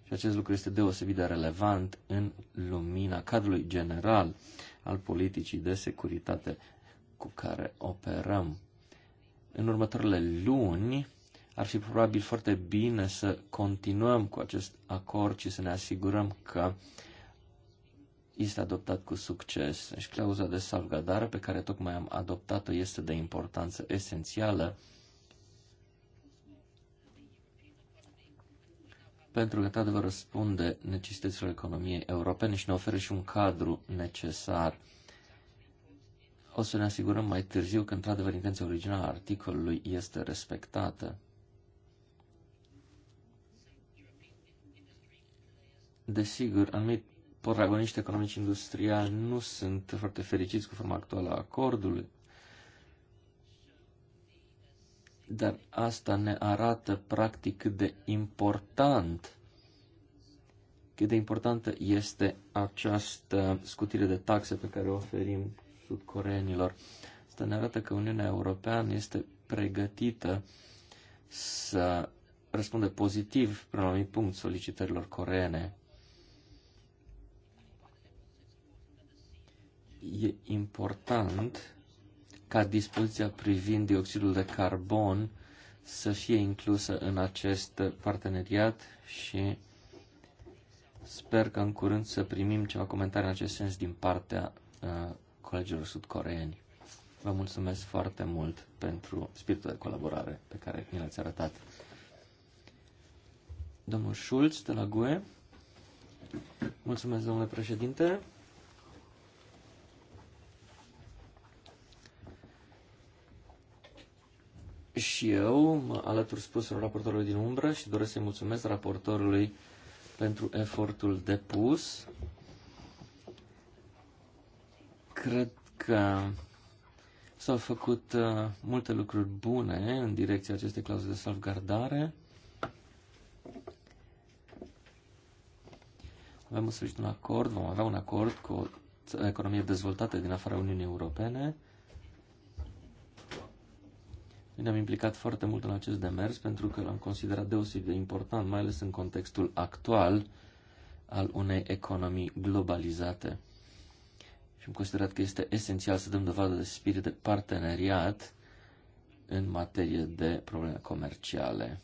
Și acest lucru este deosebit de relevant în lumina cadrului general al politicii de securitate cu care operăm. În următoarele luni, ar fi probabil foarte bine să continuăm cu acest acord și să ne asigurăm că este adoptat cu succes. Și deci clauza de salvgardare pe care tocmai am adoptat-o este de importanță esențială pentru că, într-adevăr, răspunde necesităților economiei europene și ne oferă și un cadru necesar. O să ne asigurăm mai târziu că, într-adevăr, intenția originală a articolului este respectată. Desigur, anumit protagoniști economici industriali nu sunt foarte fericiți cu forma actuală a acordului, dar asta ne arată practic cât de important cât de importantă este această scutire de taxe pe care o oferim sudcoreenilor. Asta ne arată că Uniunea Europeană este pregătită să răspundă pozitiv, pe un anumit punct, solicitărilor coreene e important ca dispoziția privind dioxidul de carbon să fie inclusă în acest parteneriat și sper că în curând să primim ceva comentarii în acest sens din partea uh, colegilor sudcoreeni. Vă mulțumesc foarte mult pentru spiritul de colaborare pe care mi l-ați arătat. Domnul Schulz de la GUE. Mulțumesc, domnule președinte. și eu mă alătur spuselor raportorului din umbră și doresc să-i mulțumesc raportorului pentru efortul depus. Cred că s-au făcut uh, multe lucruri bune în direcția acestei clauze de salvgardare. Avem în sfârșit un acord, vom avea un acord cu o economie dezvoltată din afara Uniunii Europene. Noi ne-am implicat foarte mult în acest demers pentru că l-am considerat deosebit de important, mai ales în contextul actual al unei economii globalizate. Și am considerat că este esențial să dăm dovadă de spirit de parteneriat în materie de probleme comerciale.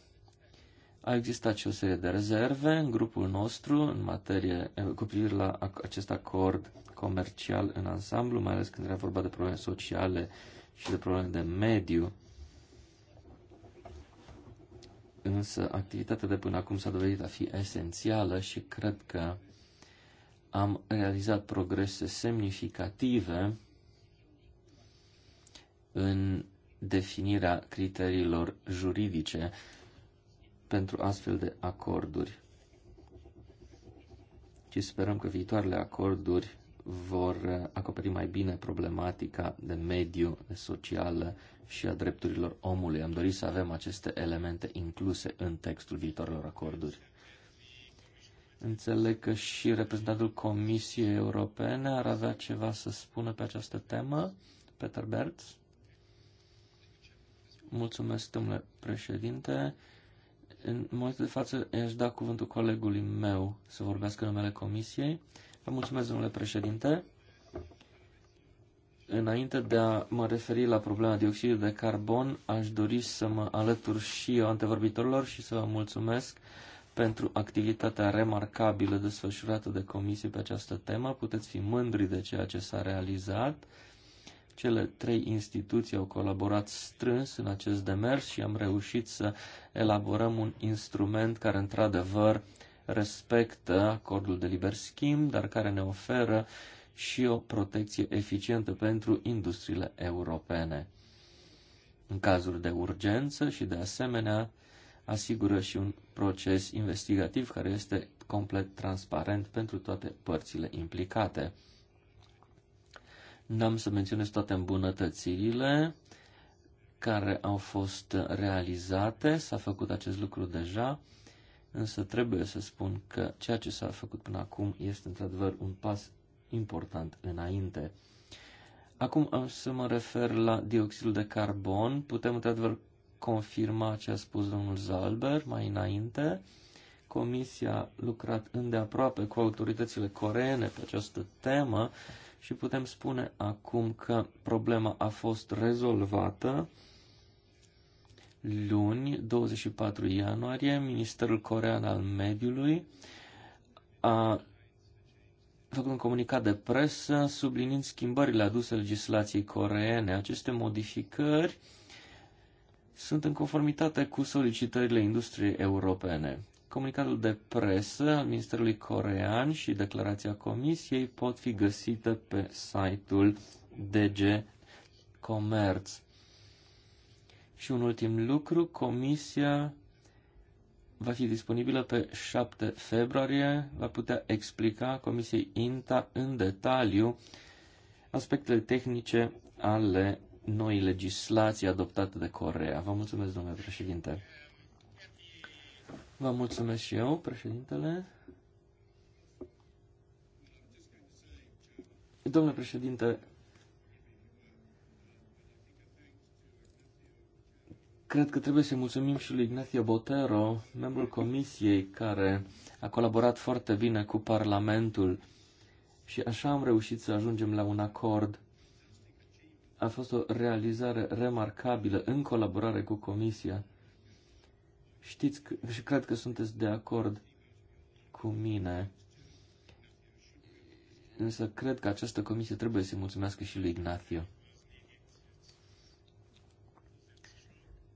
A existat și o serie de rezerve în grupul nostru în materie eh, cu privire la acest acord comercial în ansamblu, mai ales când era vorba de probleme sociale și de probleme de mediu însă activitatea de până acum s-a dovedit a fi esențială și cred că am realizat progrese semnificative în definirea criteriilor juridice pentru astfel de acorduri. Și sperăm că viitoarele acorduri vor acoperi mai bine problematica de mediu, de socială și a drepturilor omului. Am dorit să avem aceste elemente incluse în textul viitorilor acorduri. Înțeleg că și reprezentantul Comisiei Europene ar avea ceva să spună pe această temă, Peter Bertz. Mulțumesc, domnule președinte. În momentul de față aș da cuvântul colegului meu să vorbească numele Comisiei. Vă mulțumesc, domnule președinte. Înainte de a mă referi la problema dioxidului de carbon, aș dori să mă alătur și eu antevorbitorilor și să vă mulțumesc pentru activitatea remarcabilă desfășurată de comisie pe această temă. Puteți fi mândri de ceea ce s-a realizat. Cele trei instituții au colaborat strâns în acest demers și am reușit să elaborăm un instrument care, într-adevăr, respectă acordul de liber schimb, dar care ne oferă și o protecție eficientă pentru industriile europene. În cazuri de urgență și de asemenea asigură și un proces investigativ care este complet transparent pentru toate părțile implicate. N-am să menționez toate îmbunătățirile care au fost realizate, s-a făcut acest lucru deja, însă trebuie să spun că ceea ce s-a făcut până acum este într-adevăr un pas important înainte. Acum am să mă refer la dioxidul de carbon. Putem într-adevăr confirma ce a spus domnul Zalber mai înainte. Comisia a lucrat îndeaproape cu autoritățile coreene pe această temă și putem spune acum că problema a fost rezolvată. Luni, 24 ianuarie, Ministerul Corean al Mediului a făcut un comunicat de presă sublinind schimbările aduse legislației coreene. Aceste modificări sunt în conformitate cu solicitările industriei europene. Comunicatul de presă al Ministerului Corean și declarația Comisiei pot fi găsite pe site-ul DG Comerț. Și un ultim lucru, Comisia va fi disponibilă pe 7 februarie, va putea explica Comisiei INTA în detaliu aspectele tehnice ale noi legislații adoptate de Corea. Vă mulțumesc, domnule președinte. Vă mulțumesc și eu, președintele. Domnule președinte, Cred că trebuie să mulțumim și lui Ignatia Botero, membrul comisiei care a colaborat foarte bine cu Parlamentul și așa am reușit să ajungem la un acord. A fost o realizare remarcabilă în colaborare cu comisia. Știți că, și cred că sunteți de acord cu mine. Însă cred că această comisie trebuie să mulțumească și lui Ignatiu.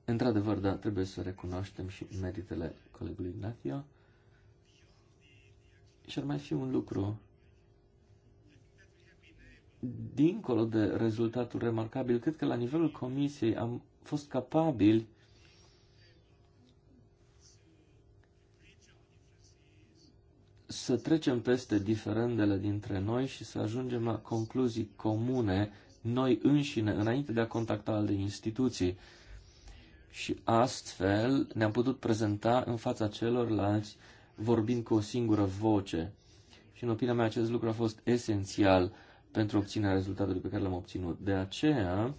Într-adevăr, da, trebuie să recunoaștem și meritele colegului Ignacio. Și ar mai fi un lucru. Dincolo de rezultatul remarcabil, cred că la nivelul comisiei am fost capabili să trecem peste diferendele dintre noi și să ajungem la concluzii comune noi înșine, înainte de a contacta alte instituții și astfel ne-am putut prezenta în fața celorlalți vorbind cu o singură voce. Și în opinia mea acest lucru a fost esențial pentru obținerea rezultatului pe care l-am obținut. De aceea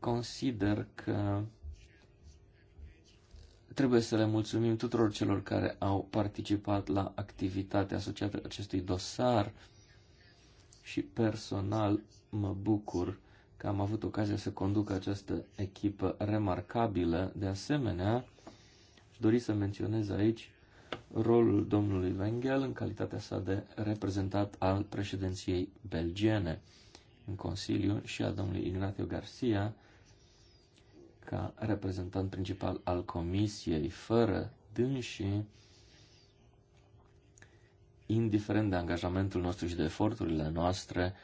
consider că trebuie să le mulțumim tuturor celor care au participat la activitatea asociată acestui dosar și personal mă bucur că am avut ocazia să conduc această echipă remarcabilă. De asemenea, aș dori să menționez aici rolul domnului Wengel în calitatea sa de reprezentat al președinției belgiene în Consiliu și a domnului Ignacio Garcia ca reprezentant principal al Comisiei, fără dânsii, indiferent de angajamentul nostru și de eforturile noastre,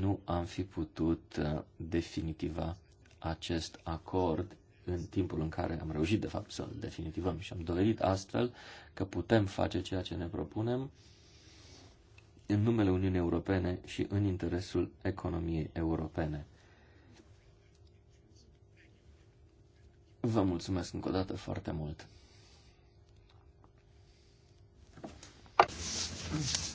nu am fi putut uh, definitiva acest acord în timpul în care am reușit, de fapt, să-l definitivăm și am dovedit astfel că putem face ceea ce ne propunem în numele Uniunii Europene și în interesul economiei europene. Vă mulțumesc încă o dată foarte mult! Thank you.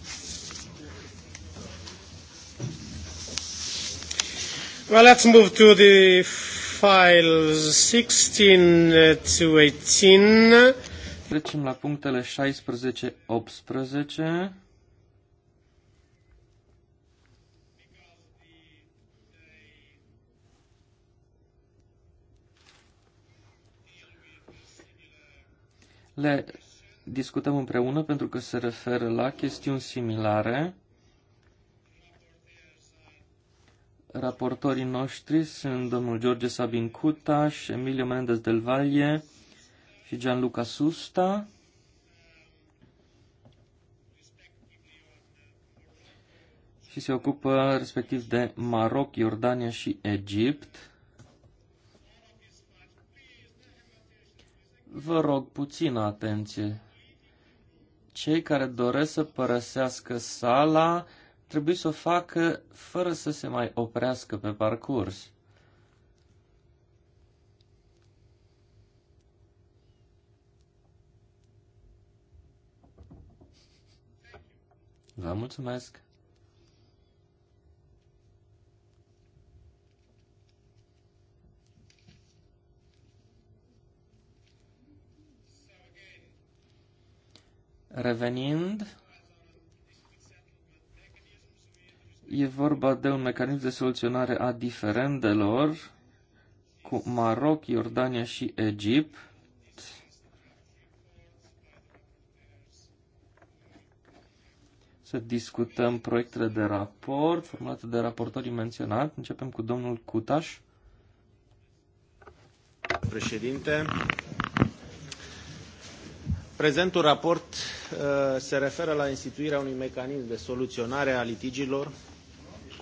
Well, let's move to the files 16 uh, to
18. Trecem la punctele 16-18. Le discutăm împreună pentru că se referă la chestiuni similare. Raportorii noștri sunt domnul George Sabin Cutaș, Emilio Menendez del Valle și Gianluca Susta. Și se ocupă respectiv de Maroc, Iordania și Egipt. Vă rog puțină atenție. Cei care doresc să părăsească sala, Trebuie să o facă fără să se mai oprească pe parcurs. Vă mulțumesc! Revenind E vorba de un mecanism de soluționare a diferendelor cu Maroc, Iordania și Egipt. Să discutăm proiectele de raport formulate de raportorii menționat. Începem cu domnul Cutaș. Președinte,
Prezentul raport uh, se referă la instituirea unui mecanism de soluționare a litigiilor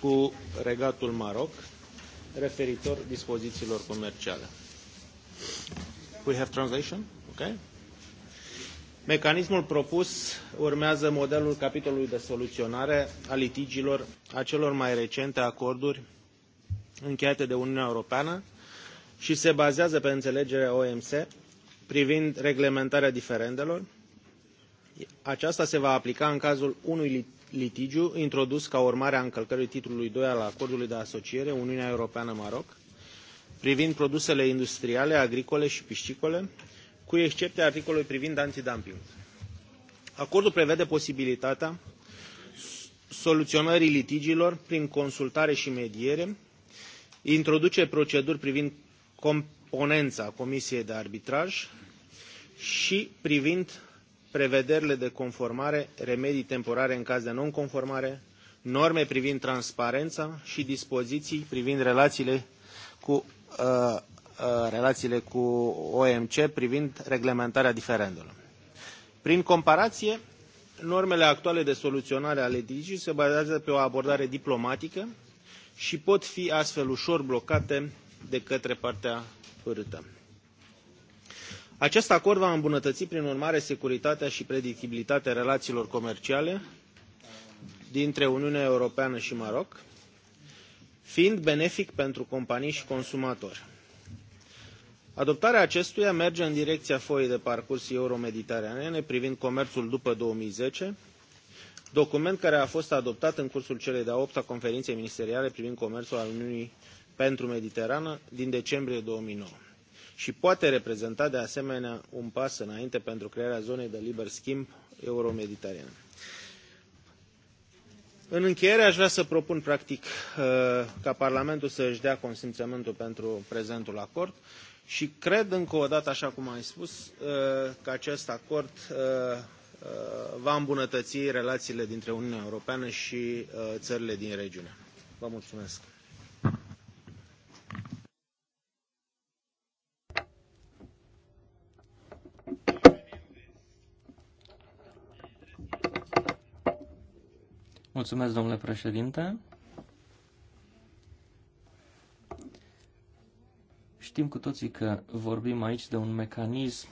cu regatul Maroc referitor dispozițiilor comerciale. We have translation? Okay. Mecanismul propus urmează modelul capitolului de soluționare a litigiilor a celor mai recente acorduri încheiate de Uniunea Europeană și se bazează pe înțelegerea OMC privind reglementarea diferendelor. Aceasta se va aplica în cazul unui litigiu introdus ca urmare a încălcării titlului 2 al acordului de asociere Uniunea Europeană-Maroc privind produsele industriale, agricole și piscicole, cu excepția articolului privind antidumping. Acordul prevede posibilitatea soluționării litigiilor prin consultare și mediere, introduce proceduri privind componența Comisiei de Arbitraj și privind prevederile de conformare, remedii temporare în caz de nonconformare, norme privind transparența și dispoziții privind relațiile cu, uh, uh, relațiile cu OMC privind reglementarea diferendului. Prin comparație, normele actuale de soluționare a litigiilor se bazează pe o abordare diplomatică și pot fi astfel ușor blocate de către partea părâtă. Acest acord va îmbunătăți, prin urmare, securitatea și predictibilitatea relațiilor comerciale dintre Uniunea Europeană și Maroc, fiind benefic pentru companii și consumatori. Adoptarea acestuia merge în direcția foii de parcurs euromediteraneene privind comerțul după 2010, document care a fost adoptat în cursul celei de-a opta conferințe ministeriale privind comerțul al Uniunii pentru Mediterană din decembrie 2009 și poate reprezenta de asemenea un pas înainte pentru crearea zonei de liber schimb euromediteraneană. În încheiere aș vrea să propun practic uh, ca Parlamentul să își dea consimțământul pentru prezentul acord și cred încă o dată, așa cum am spus, uh, că acest acord uh, va îmbunătăți relațiile dintre Uniunea Europeană și țările din regiune. Vă mulțumesc!
Mulțumesc, domnule președinte. Știm cu toții că vorbim aici de un mecanism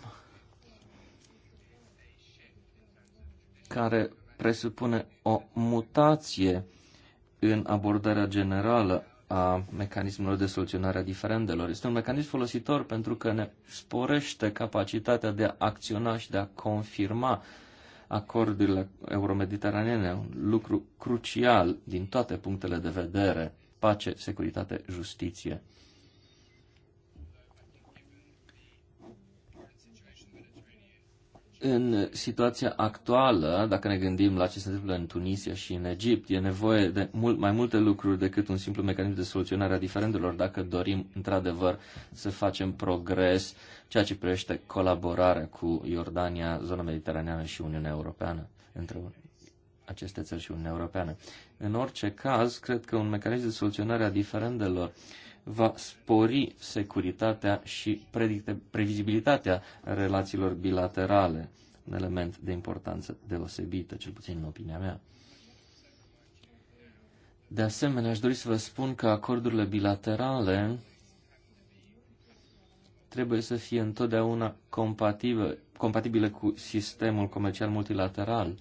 care presupune o mutație în abordarea generală a mecanismelor de soluționare a diferendelor. Este un mecanism folositor pentru că ne sporește capacitatea de a acționa și de a confirma acordurile euromediteraneene, un lucru crucial din toate punctele de vedere, pace, securitate, justiție În situația actuală, dacă ne gândim la ce se întâmplă în Tunisia și în Egipt, e nevoie de mult mai multe lucruri decât un simplu mecanism de soluționare a diferendelor dacă dorim într-adevăr să facem progres ceea ce privește colaborarea cu Iordania, zona mediteraneană și Uniunea Europeană, între aceste țări și Uniunea Europeană. În orice caz, cred că un mecanism de soluționare a diferendelor uh, va spori securitatea și previzibilitatea relațiilor bilaterale, un element de importanță deosebită, cel puțin în opinia mea. De asemenea, aș dori să vă spun că acordurile bilaterale trebuie să fie întotdeauna compatibile, compatibile cu sistemul comercial multilateral.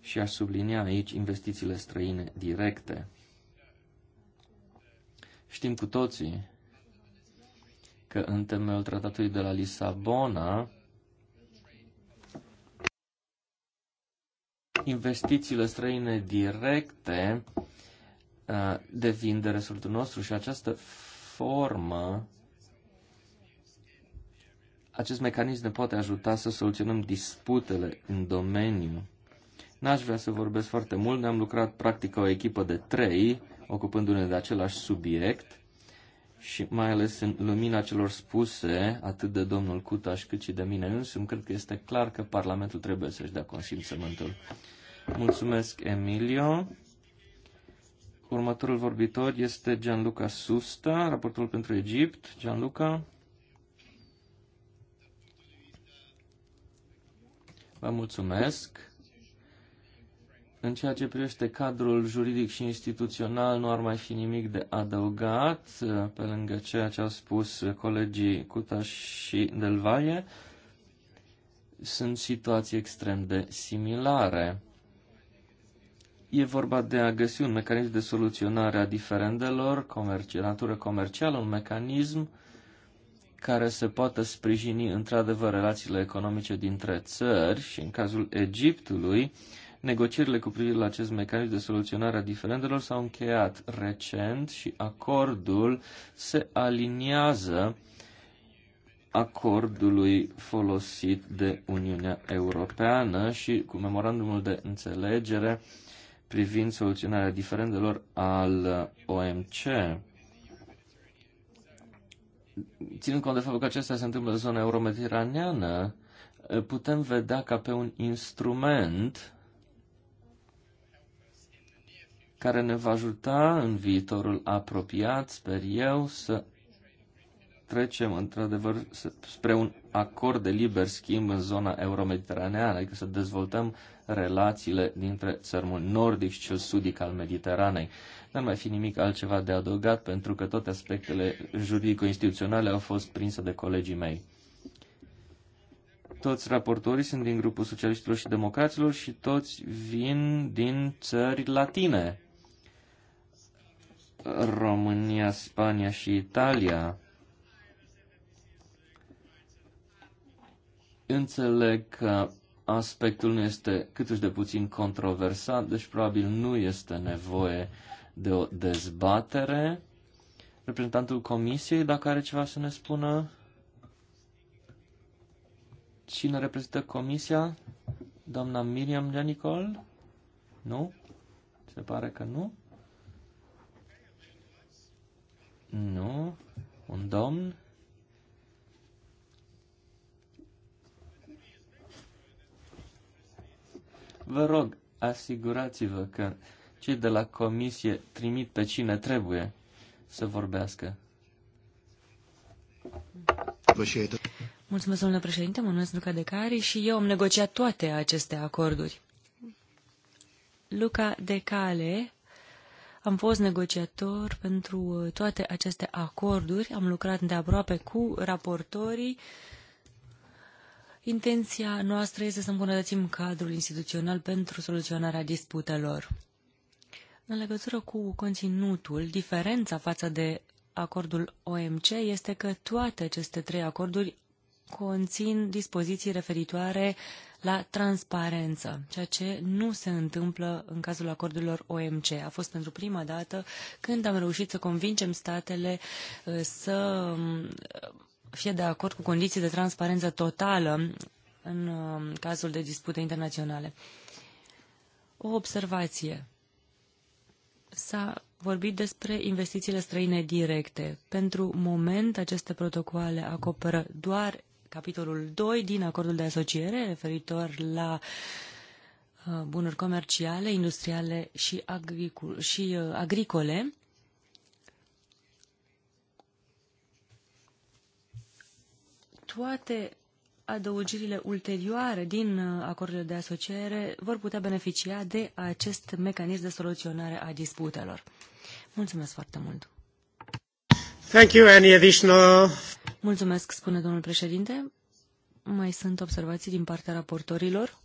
Și aș sublinia aici investițiile străine directe. Știm cu toții că în temeiul tratatului de la Lisabona, investițiile străine directe uh, devin de resortul nostru și această formă, acest mecanism ne poate ajuta să soluționăm disputele în domeniu. N-aș vrea să vorbesc foarte mult, ne-am lucrat practic o echipă de trei, ocupându-ne de același subiect și mai ales în lumina celor spuse, atât de domnul Cutaș cât și de mine însumi, cred că este clar că Parlamentul trebuie să-și dea consimțământul. Mulțumesc, Emilio. Următorul vorbitor este Gianluca Susta, raportul pentru Egipt. Gianluca. Vă mulțumesc. În ceea ce privește cadrul juridic și instituțional, nu ar mai fi nimic de adăugat, uh, pe lângă ceea ce au spus colegii Cutaș și Delvaie. Sunt situații extrem de similare. E vorba de a găsi un mecanism de soluționare a diferendelor, comerci, natură comercială, un mecanism care se poată sprijini într-adevăr relațiile economice dintre țări și în cazul Egiptului, uh, Negocierile cu privire la acest mecanism de soluționare a diferendelor s-au încheiat recent și acordul se aliniază acordului folosit de Uniunea Europeană și cu memorandumul de înțelegere privind soluționarea diferendelor al OMC. Ținând cont de faptul că acestea se întâmplă în zona euromediteraneană, putem vedea ca pe un instrument care ne va ajuta în viitorul apropiat, sper eu, să trecem într-adevăr spre un acord de liber schimb în zona euromediteraneană, adică să dezvoltăm relațiile dintre țărmul nordic și cel sudic al Mediteranei. Nu ar mai fi nimic altceva de adăugat, pentru că toate aspectele juridico-instituționale au fost prinse de colegii mei. Toți raportorii sunt din grupul socialiștilor și democraților și toți vin din țări latine. România, Spania și Italia. Înțeleg că aspectul nu este câtuși de puțin controversat, deci probabil nu este nevoie de o dezbatere. Reprezentantul Comisiei, dacă are ceva să ne spună? Cine reprezintă Comisia? Doamna Miriam Janicol? Nu? Se pare că nu. Nu. Un domn? Vă rog, asigurați-vă că cei de la comisie trimit pe cine trebuie să vorbească.
Mulțumesc, domnule președinte, mă numesc Luca Decari și eu am negociat toate aceste acorduri. Luca Decale am fost negociator pentru uh, toate aceste acorduri, am lucrat de aproape cu raportorii. Intenția noastră este să îmbunătățim cadrul instituțional pentru soluționarea disputelor. În legătură cu conținutul, diferența față de acordul OMC este că toate aceste trei acorduri conțin dispoziții referitoare la transparență, ceea ce nu se întâmplă în cazul acordurilor OMC. A fost pentru prima dată când am reușit să convingem statele uh, să um, fie de acord cu condiții de transparență totală în um, cazul de dispute internaționale. O observație. S-a vorbit despre investițiile străine directe. Pentru moment, aceste protocoale acoperă doar capitolul 2 din acordul de asociere referitor la uh, bunuri comerciale, industriale și, agricul, și uh, agricole. Toate adăugirile ulterioare din uh, acordurile de asociere vor putea beneficia de acest mecanism de soluționare a disputelor. Mulțumesc foarte mult! Mulțumesc, spune domnul președinte. Mai sunt observații din partea raportorilor?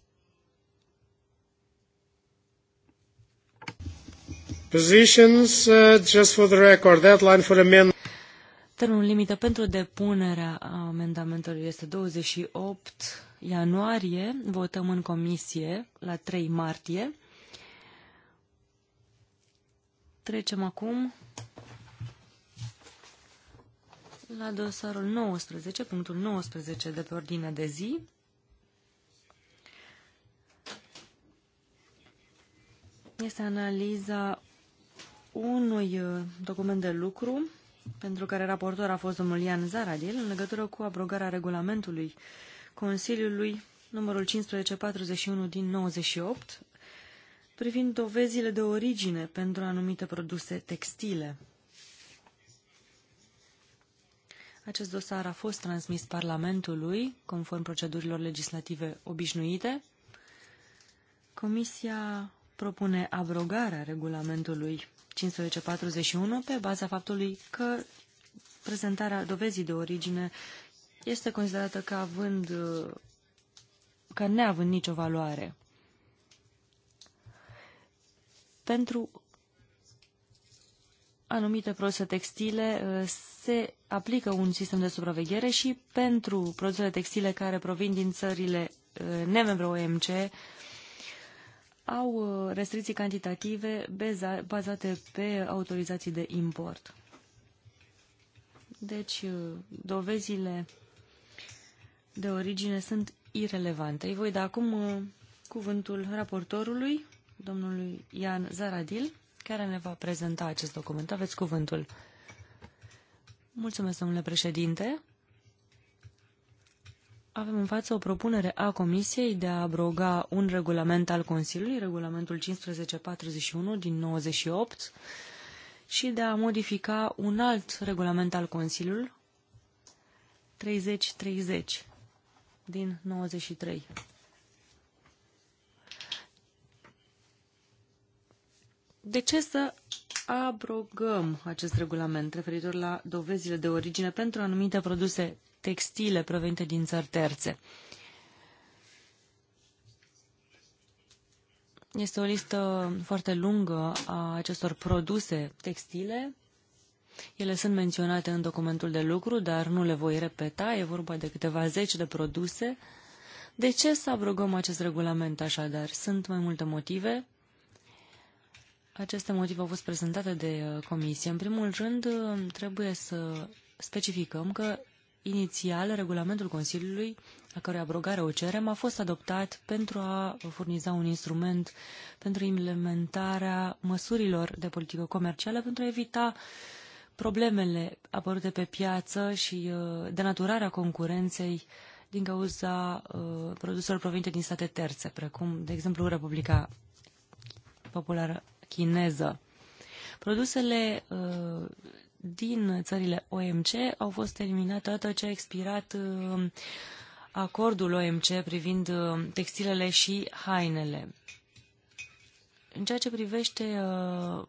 Positions, uh, just for the record, deadline for amendment.
Termenul limită pentru depunerea amendamentelor este 28 ianuarie, votăm în comisie la 3 martie. Trecem acum la dosarul 19, punctul 19 de pe ordine de zi. Este analiza unui uh, document de lucru pentru care raportor a fost domnul Ian Zaradil în legătură cu abrogarea regulamentului Consiliului numărul 1541 din 98 privind dovezile de origine pentru anumite produse textile. Acest dosar a fost transmis Parlamentului, conform procedurilor legislative obișnuite. Comisia propune abrogarea regulamentului 1541 pe baza faptului că prezentarea dovezii de origine este considerată ca având ca neavând nicio valoare. Pentru anumite produse textile uh, se aplică un sistem de supraveghere și pentru produsele textile care provin din țările uh, nemembre OMC au uh, restricții cantitative bazate pe autorizații de import. Deci, dovezile de origine sunt irelevante. Îi voi da acum cuvântul raportorului, domnului Ian Zaradil care ne va prezenta acest document. Aveți cuvântul. Mulțumesc, domnule președinte. Avem în față o propunere a Comisiei de a abroga un regulament al Consiliului, regulamentul 1541 din 98, și de a modifica un alt regulament al Consiliului, 3030 din 93. de ce să abrogăm acest regulament referitor la dovezile de origine pentru anumite produse textile provenite din țări terțe? Este o listă foarte lungă a acestor produse textile. Ele sunt menționate în documentul de lucru, dar nu le voi repeta. E vorba de câteva zeci de produse. De ce să abrogăm acest regulament așadar? Sunt mai multe motive. Aceste motive au fost prezentate de uh, comisie. În primul rând, uh, trebuie să specificăm că inițial regulamentul Consiliului, a cărui abrogare o cerem, a fost adoptat pentru a furniza un instrument pentru implementarea măsurilor de politică comercială pentru a evita problemele apărute pe piață și uh, denaturarea concurenței din cauza produselor provenite din state terțe, precum, de exemplu, Republica Populară chineză. Produsele uh, din țările OMC au fost terminate odată ce a expirat uh, acordul OMC privind uh, textilele și hainele. În ceea ce privește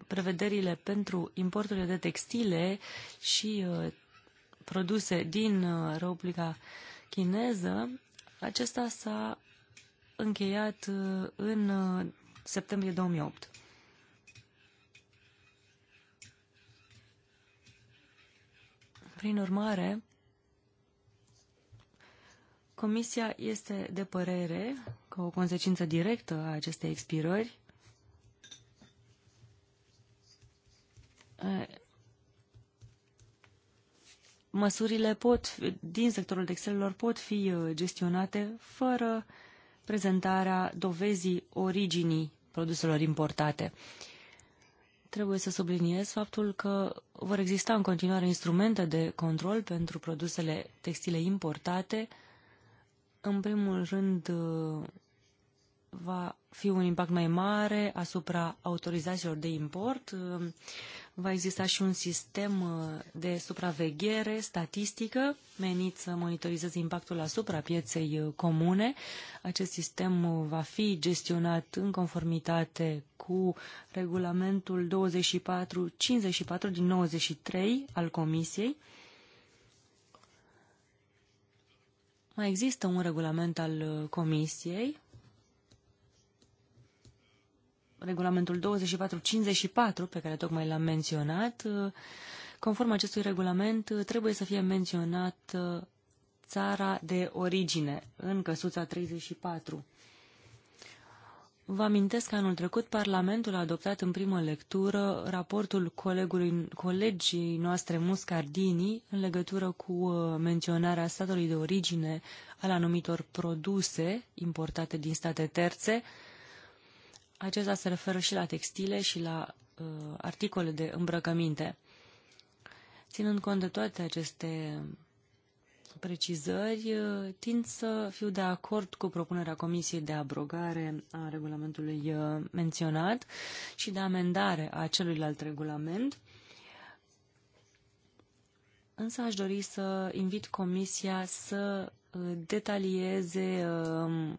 prevederile pentru importurile de textile și produse din Republica Chineză, acesta s-a încheiat în septembrie 2008. Prin urmare, Comisia este de părere că o consecință directă a acestei expirări eh, măsurile pot, din sectorul textelor pot fi eh, gestionate fără prezentarea dovezii originii produselor importate. Trebuie să subliniez faptul că vor exista în continuare instrumente de control pentru produsele textile importate, în primul rând va fi un impact mai mare asupra autorizațiilor de import. Ehm, va exista și un sistem uh, de supraveghere statistică menit să monitorizeze impactul asupra pieței uh, comune. Acest sistem uh, va fi gestionat în conformitate cu regulamentul 2454 din 93 al Comisiei. Mai există un regulament al Comisiei regulamentul 2454, pe care tocmai l-am menționat, uh, conform acestui regulament, uh, trebuie să fie menționat uh, țara de origine în căsuța 34. Vă amintesc că anul trecut Parlamentul a adoptat în primă lectură raportul colegului, colegii noastre Muscardini în legătură cu menționarea statului de origine al anumitor produse importate din state terțe, acesta se referă și la textile și la uh, articole de îmbrăcăminte. Ținând cont de toate aceste precizări, uh, tind să fiu de acord cu propunerea Comisiei de abrogare a regulamentului uh, menționat și de amendare a celuilalt regulament. Însă aș dori să invit Comisia să uh, detalieze uh,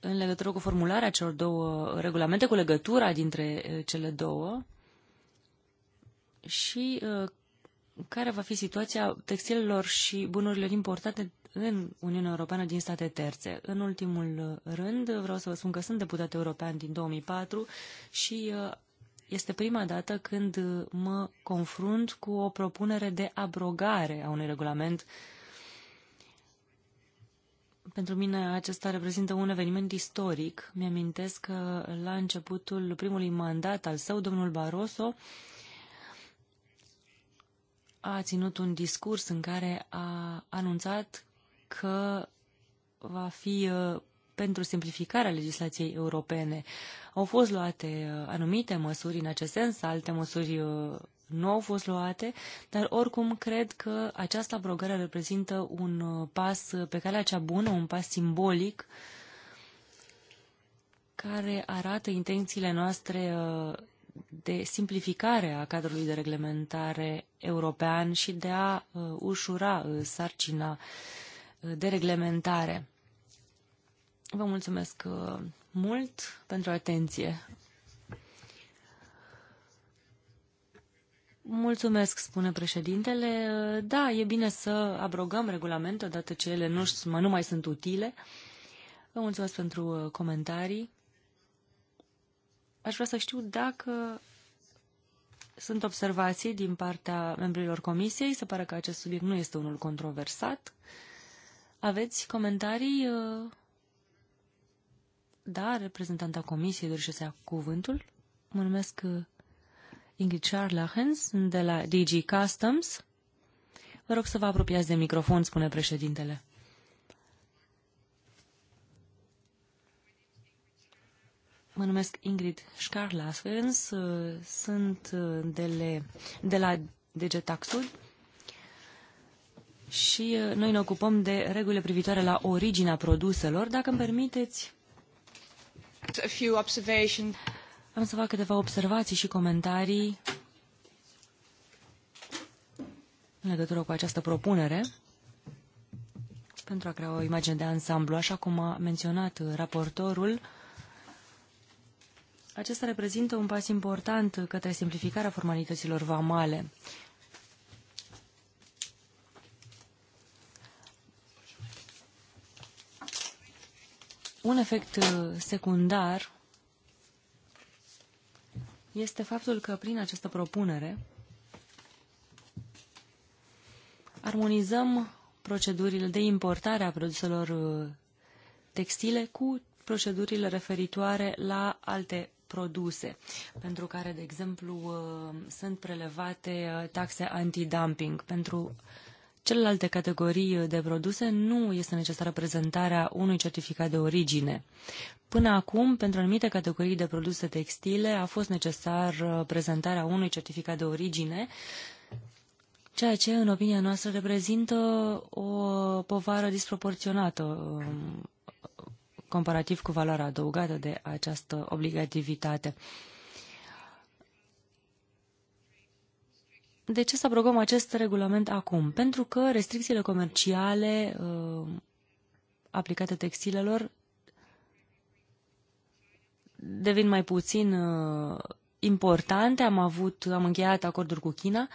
în legătură cu formularea celor două regulamente, cu legătura dintre uh, cele două și uh, care va fi situația textilelor și bunurilor importate în Uniunea Europeană din state terțe. În ultimul uh, rând, vreau să vă spun că sunt deputat european din 2004 și este prima dată când mă confrunt cu o propunere de abrogare a unui regulament uh, pentru mine acesta reprezintă un eveniment istoric. Mi-amintesc că la începutul primului mandat al său, domnul Barroso a ținut un discurs în care a anunțat că va fi uh, pentru simplificarea legislației europene. Au fost luate uh, anumite măsuri în acest sens, alte măsuri uh, nu au fost luate, dar oricum cred că această abrogare reprezintă un uh, pas pe calea cea bună, un pas simbolic care arată intențiile noastre de simplificare a cadrului de reglementare european și de a ușura sarcina de reglementare. Vă mulțumesc uh, mult pentru atenție. Mulțumesc, spune președintele. Da, e bine să abrogăm regulamentul, odată ce ele nu, nu mai sunt utile. Vă mulțumesc pentru uh, comentarii. Aș vrea să știu dacă sunt observații din partea membrilor comisiei. Se pare că acest subiect nu este unul controversat. Aveți comentarii? Uh, da, reprezentanta comisiei dorește să ia cuvântul. Mă numesc uh, Ingrid Charlahens de la DG Customs. Vă rog să vă apropiați de microfon, spune președintele. Mă numesc Ingrid Scarlasfens, uh, sunt uh, de, le, de la DGTaxul și noi ne ocupăm de regulile privitoare la originea produselor. Dacă îmi permiteți, a few Am să fac câteva observații și comentarii în legătură cu această propunere pentru a crea o imagine de ansamblu. Așa cum a menționat raportorul, acesta reprezintă un pas important către simplificarea formalităților vamale. Un efect uh, secundar este faptul că prin această propunere armonizăm procedurile de importare a produselor uh, textile cu procedurile referitoare la alte produse, pentru care, de exemplu, uh, sunt prelevate taxe antidumping pentru celelalte categorii de produse nu este necesară prezentarea unui certificat de origine. Până acum, pentru anumite categorii de produse textile, a fost necesar uh, prezentarea unui certificat de origine, ceea ce, în opinia noastră, reprezintă o povară disproporționată um, comparativ cu valoarea adăugată de această obligativitate. de ce să abrogăm acest regulament acum? Pentru că restricțiile comerciale uh, aplicate textilelor devin mai puțin uh, importante. Am avut, am încheiat acorduri cu China.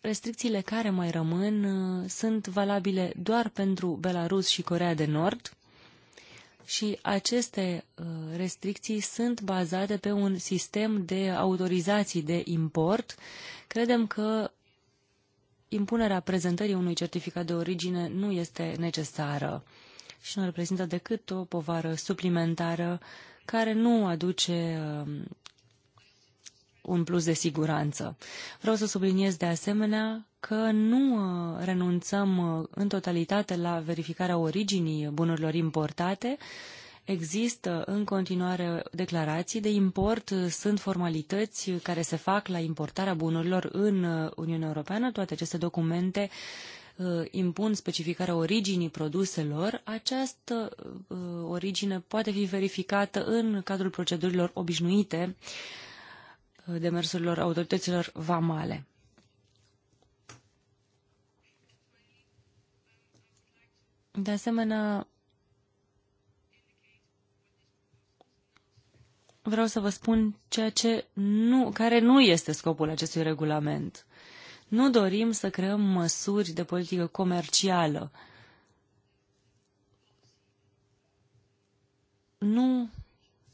Restricțiile care mai rămân uh, sunt valabile doar pentru Belarus și Corea de Nord și aceste uh, restricții sunt bazate pe un sistem de autorizații de import. Credem că impunerea prezentării unui certificat de origine nu este necesară și nu reprezintă decât o povară suplimentară care nu aduce uh, un plus de siguranță. Vreau să subliniez de asemenea că nu uh, renunțăm uh, în totalitate la verificarea originii bunurilor importate. Există în continuare declarații de import, uh, sunt formalități care se fac la importarea bunurilor în Uniunea Europeană. Toate aceste documente impun specificarea originii produselor, această origine poate fi verificată în cadrul procedurilor obișnuite uh, demersurilor autorităților vamale. De asemenea, vreau să vă spun ceea ce nu, care nu este scopul acestui regulament. Nu dorim să creăm măsuri de politică comercială. Nu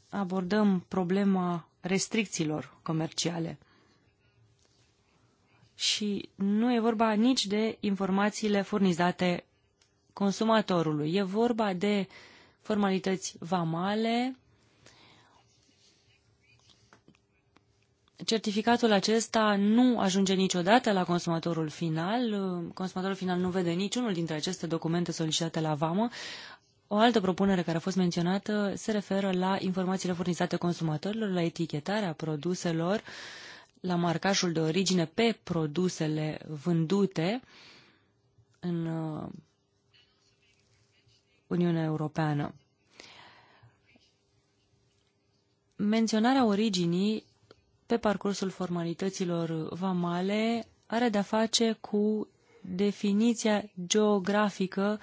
abordăm problema restricțiilor comerciale. Și nu e vorba nici de informațiile furnizate consumatorului. E vorba de formalități vamale. Certificatul acesta nu ajunge niciodată la consumatorul final. Consumatorul final nu vede niciunul dintre aceste documente solicitate la vamă. O altă propunere care a fost menționată se referă la informațiile furnizate consumatorilor, la etichetarea produselor, la marcașul de origine pe produsele vândute în uh, Uniunea Europeană. Menționarea originii pe parcursul formalităților vamale are de-a face cu definiția geografică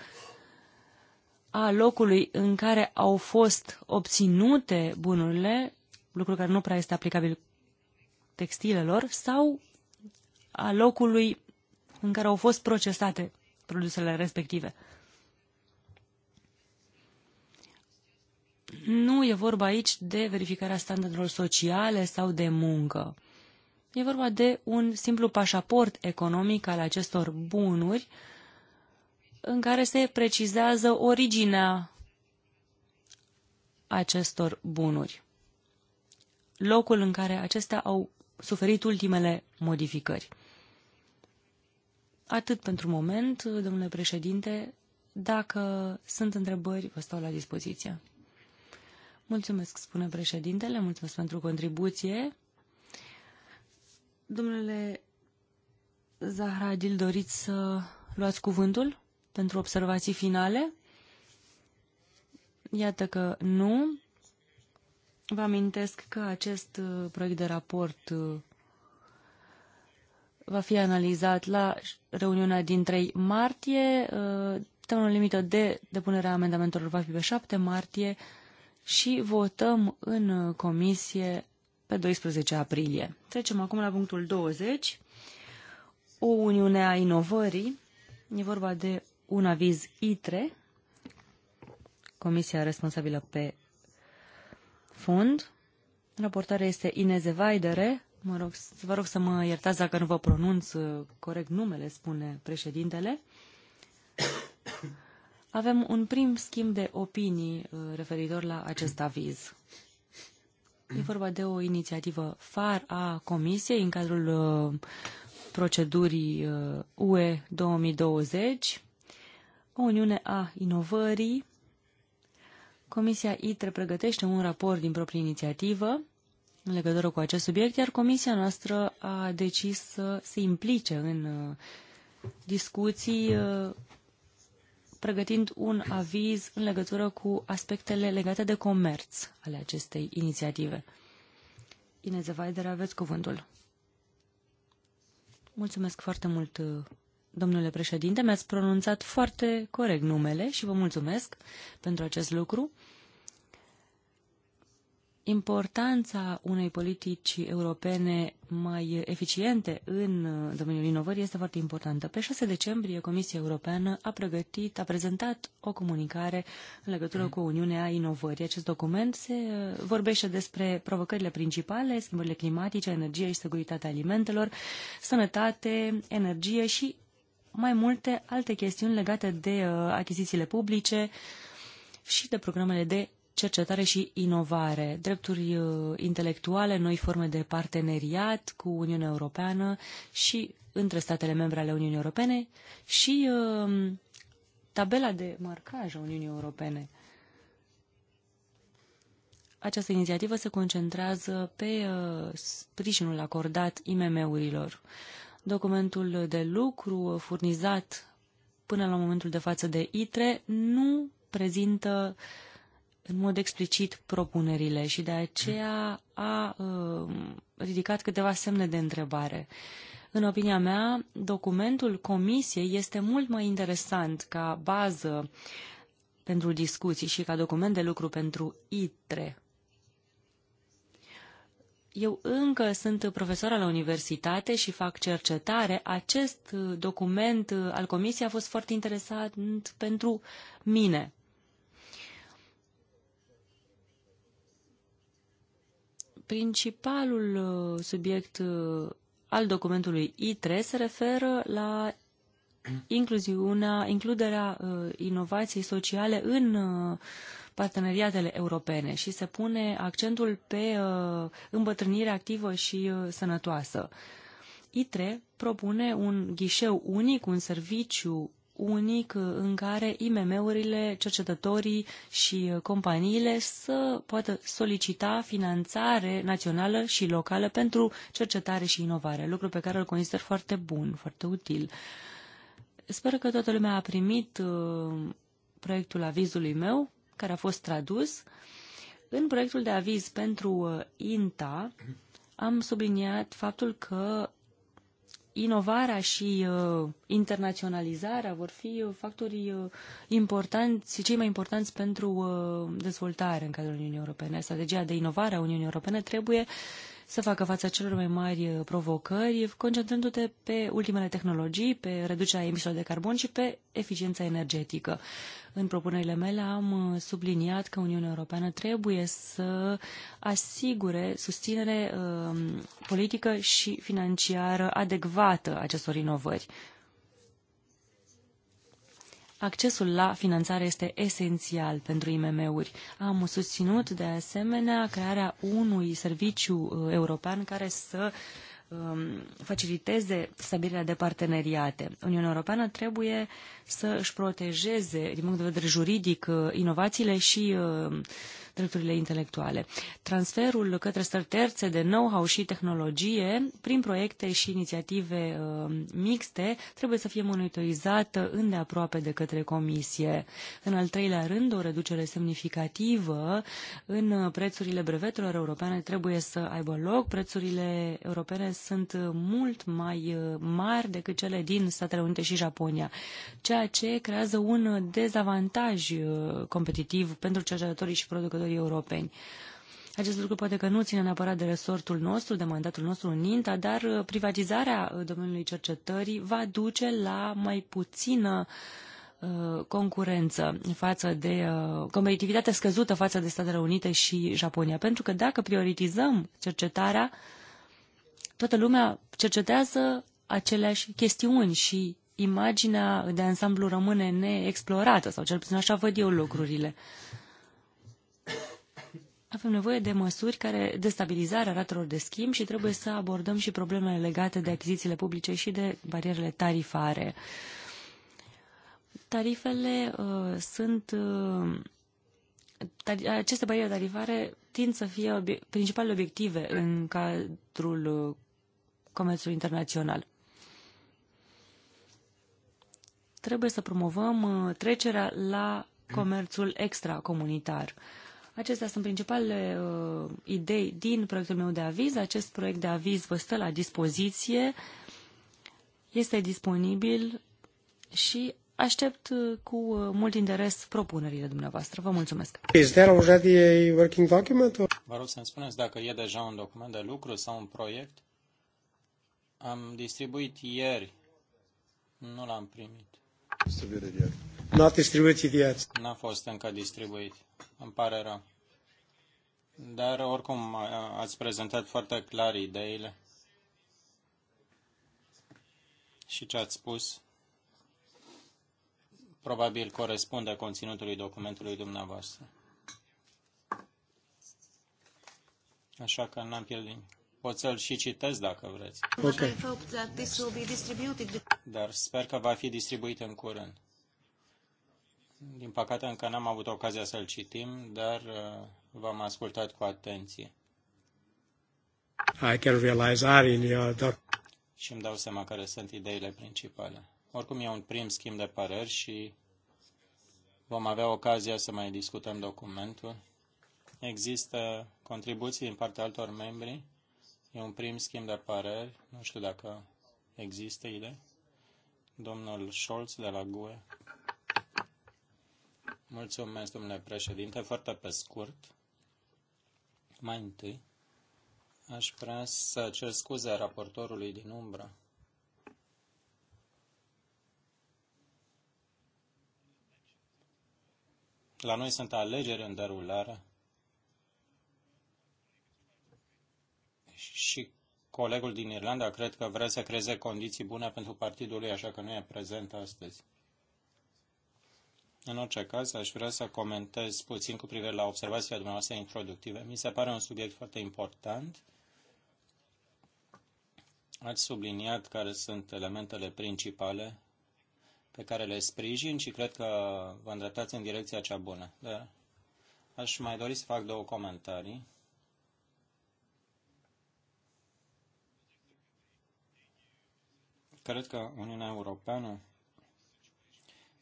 a locului în care au fost obținute bunurile, lucru care nu prea este aplicabil textilelor, sau a locului în care au fost procesate produsele respective. Nu e vorba aici de verificarea standardelor sociale sau de muncă. E vorba de un simplu pașaport economic al acestor bunuri uh, în care se precizează originea acestor bunuri, locul în care acestea au suferit ultimele modificări. Atât pentru moment, domnule președinte, dacă sunt întrebări, vă stau la dispoziție. Mulțumesc, spune președintele, mulțumesc pentru contribuție. Domnule Zahradil, doriți să luați cuvântul? pentru observații finale? Iată că nu. Vă amintesc că acest uh, proiect de raport uh, va fi analizat la reuniunea din 3 martie. Termenul uh, limită de depunere a amendamentelor va fi pe 7 martie și votăm în comisie pe 12 aprilie. Trecem acum la punctul 20. O Uniune a Inovării. E vorba de un aviz ITRE, comisia responsabilă pe fond. Raportarea este Ineze Vaidere. Mă rog, vă rog să mă iertați dacă nu vă pronunț uh, corect numele, spune președintele. Avem un prim schimb de opinii uh, referitor la acest aviz. E vorba de o inițiativă far a Comisiei în cadrul uh, procedurii UE 2020 o Uniune a Inovării. Comisia ITRE pregătește un raport din proprie inițiativă în legătură cu acest subiect, iar comisia noastră a decis să se implice în uh, discuții uh, pregătind un aviz în legătură cu aspectele legate de comerț ale acestei inițiative. Ineze Vaider, aveți cuvântul. Mulțumesc foarte mult, uh, Domnule președinte, mi-ați pronunțat foarte corect numele și vă mulțumesc pentru acest lucru. Importanța unei politici europene mai eficiente în domeniul inovării este foarte importantă. Pe 6 decembrie, Comisia Europeană a pregătit, a prezentat o comunicare în legătură cu Uniunea Inovării. Acest document se uh, vorbește despre provocările principale, schimbările climatice, energie și securitatea alimentelor, sănătate, energie și mai multe alte chestiuni legate de uh, achizițiile publice și de programele de cercetare și inovare, drepturi uh, intelectuale, noi forme de parteneriat cu Uniunea Europeană și între statele membre ale Uniunii Europene și um, tabela de marcaj a Uniunii Europene. Această inițiativă se concentrează pe uh, sprijinul acordat IMM-urilor documentul de lucru furnizat până la momentul de față de ITRE nu prezintă în mod explicit propunerile și de aceea a uh, ridicat câteva semne de întrebare. În opinia mea, documentul comisiei este mult mai interesant ca bază pentru discuții și ca document de lucru pentru ITRE eu încă sunt profesoară la universitate și fac cercetare. Acest uh, document uh, al comisiei a fost foarte interesant pentru mine. Principalul uh, subiect al documentului I3 se referă la incluziunea, includerea inovației sociale în parteneriatele europene și se pune accentul pe uh, îmbătrânire activă și uh, sănătoasă. ITRE propune un ghișeu unic, un serviciu unic uh, în care IMM-urile, cercetătorii și companiile să poată solicita finanțare națională și locală pentru cercetare și inovare, lucru pe care îl consider foarte bun, foarte util. Sper că toată lumea a primit proiectul avizului meu care a fost tradus. În proiectul de aviz pentru uh, INTA am subliniat faptul că inovarea și uh, internaționalizarea vor fi uh, factorii uh, importanți, cei mai importanți pentru uh, dezvoltare în cadrul Uniunii Europene. Strategia de inovare a Uniunii Europene trebuie uh, să facă față celor mai mari uh, provocări, concentrându-te pe ultimele tehnologii, pe reducerea emisiilor de carbon și pe eficiența energetică. În propunerile mele am uh, subliniat că Uniunea Europeană trebuie să asigure susținere um, politică și financiară adecvată acestor inovări. Accesul la finanțare este esențial pentru IMM-uri. Am susținut de asemenea crearea unui serviciu uh, european care să um, faciliteze stabilirea de parteneriate. Uniunea Europeană trebuie să își protejeze, din punct de vedere juridic, uh, inovațiile și uh, drepturile intelectuale. Transferul către stări terțe de know-how și tehnologie prin proiecte și inițiative uh, mixte trebuie să fie monitorizată îndeaproape de către comisie. În al treilea rând, o reducere semnificativă în prețurile brevetelor europene trebuie să aibă loc. Prețurile europene sunt mult mai uh, mari decât cele din Statele Unite și Japonia, ceea ce creează un dezavantaj uh, competitiv pentru cercetătorii și producătorii consumatorii europeni. Acest lucru poate că nu ține neapărat de resortul nostru, de mandatul nostru în INTA, dar uh, privatizarea uh, domeniului cercetării va duce la mai puțină uh, concurență față de competitivitate scăzută față de Statele Unite și Japonia. Pentru că dacă prioritizăm cercetarea, toată lumea cercetează aceleași chestiuni și imaginea de ansamblu rămâne neexplorată, sau cel puțin așa văd eu lucrurile. Avem nevoie de măsuri care destabilizarea ratelor de schimb și trebuie să abordăm și problemele legate de achizițiile publice și de barierele tarifare. Tarifele uh, sunt uh, aceste bariere tarifare tind să fie obie principalele obiective în cadrul uh, comerțului internațional. Trebuie să promovăm uh, trecerea la comerțul extracomunitar. Uh, Acestea sunt principalele uh, idei din proiectul meu de aviz. Acest proiect de aviz vă stă la dispoziție, este disponibil și aștept uh, cu uh, mult interes propunerile dumneavoastră. Vă mulțumesc.
Is there already a working document? Or...
Vă rog să-mi spuneți dacă e deja un document de lucru sau un proiect. Am distribuit ieri. Nu l-am primit.
Not distribuit ieri.
N-a fost încă distribuit. Îmi pare rău. Dar oricum ați prezentat foarte clar ideile și ce ați spus probabil corespunde conținutului documentului dumneavoastră. Așa că n-am pierdut. Pot să-l și citesc dacă vreți. Okay. Dar sper că va fi distribuit în curând. Din păcate încă n-am avut ocazia să-l citim, dar uh, v-am ascultat cu atenție.
I can realize are in your doc-
și îmi dau seama care sunt ideile principale. Oricum e un prim schimb de păreri și vom avea ocazia să mai discutăm documentul. Există contribuții din partea altor membri. E un prim schimb de păreri. Nu știu dacă există idei. Domnul Scholz de la GUE. Mulțumesc, domnule președinte. Foarte pe scurt. Mai întâi, aș vrea să cer scuze raportorului din umbră. La noi sunt alegeri în derulare și colegul din Irlanda cred că vrea să creeze condiții bune pentru partidul lui, așa că nu e prezent astăzi. În orice caz, aș vrea să comentez puțin cu privire la observațiile dumneavoastră introductive. Mi se pare un subiect foarte important. Ați subliniat care sunt elementele principale pe care le sprijin și cred că vă îndreptați în direcția cea bună. Dar aș mai dori să fac două comentarii. Cred că Uniunea Europeană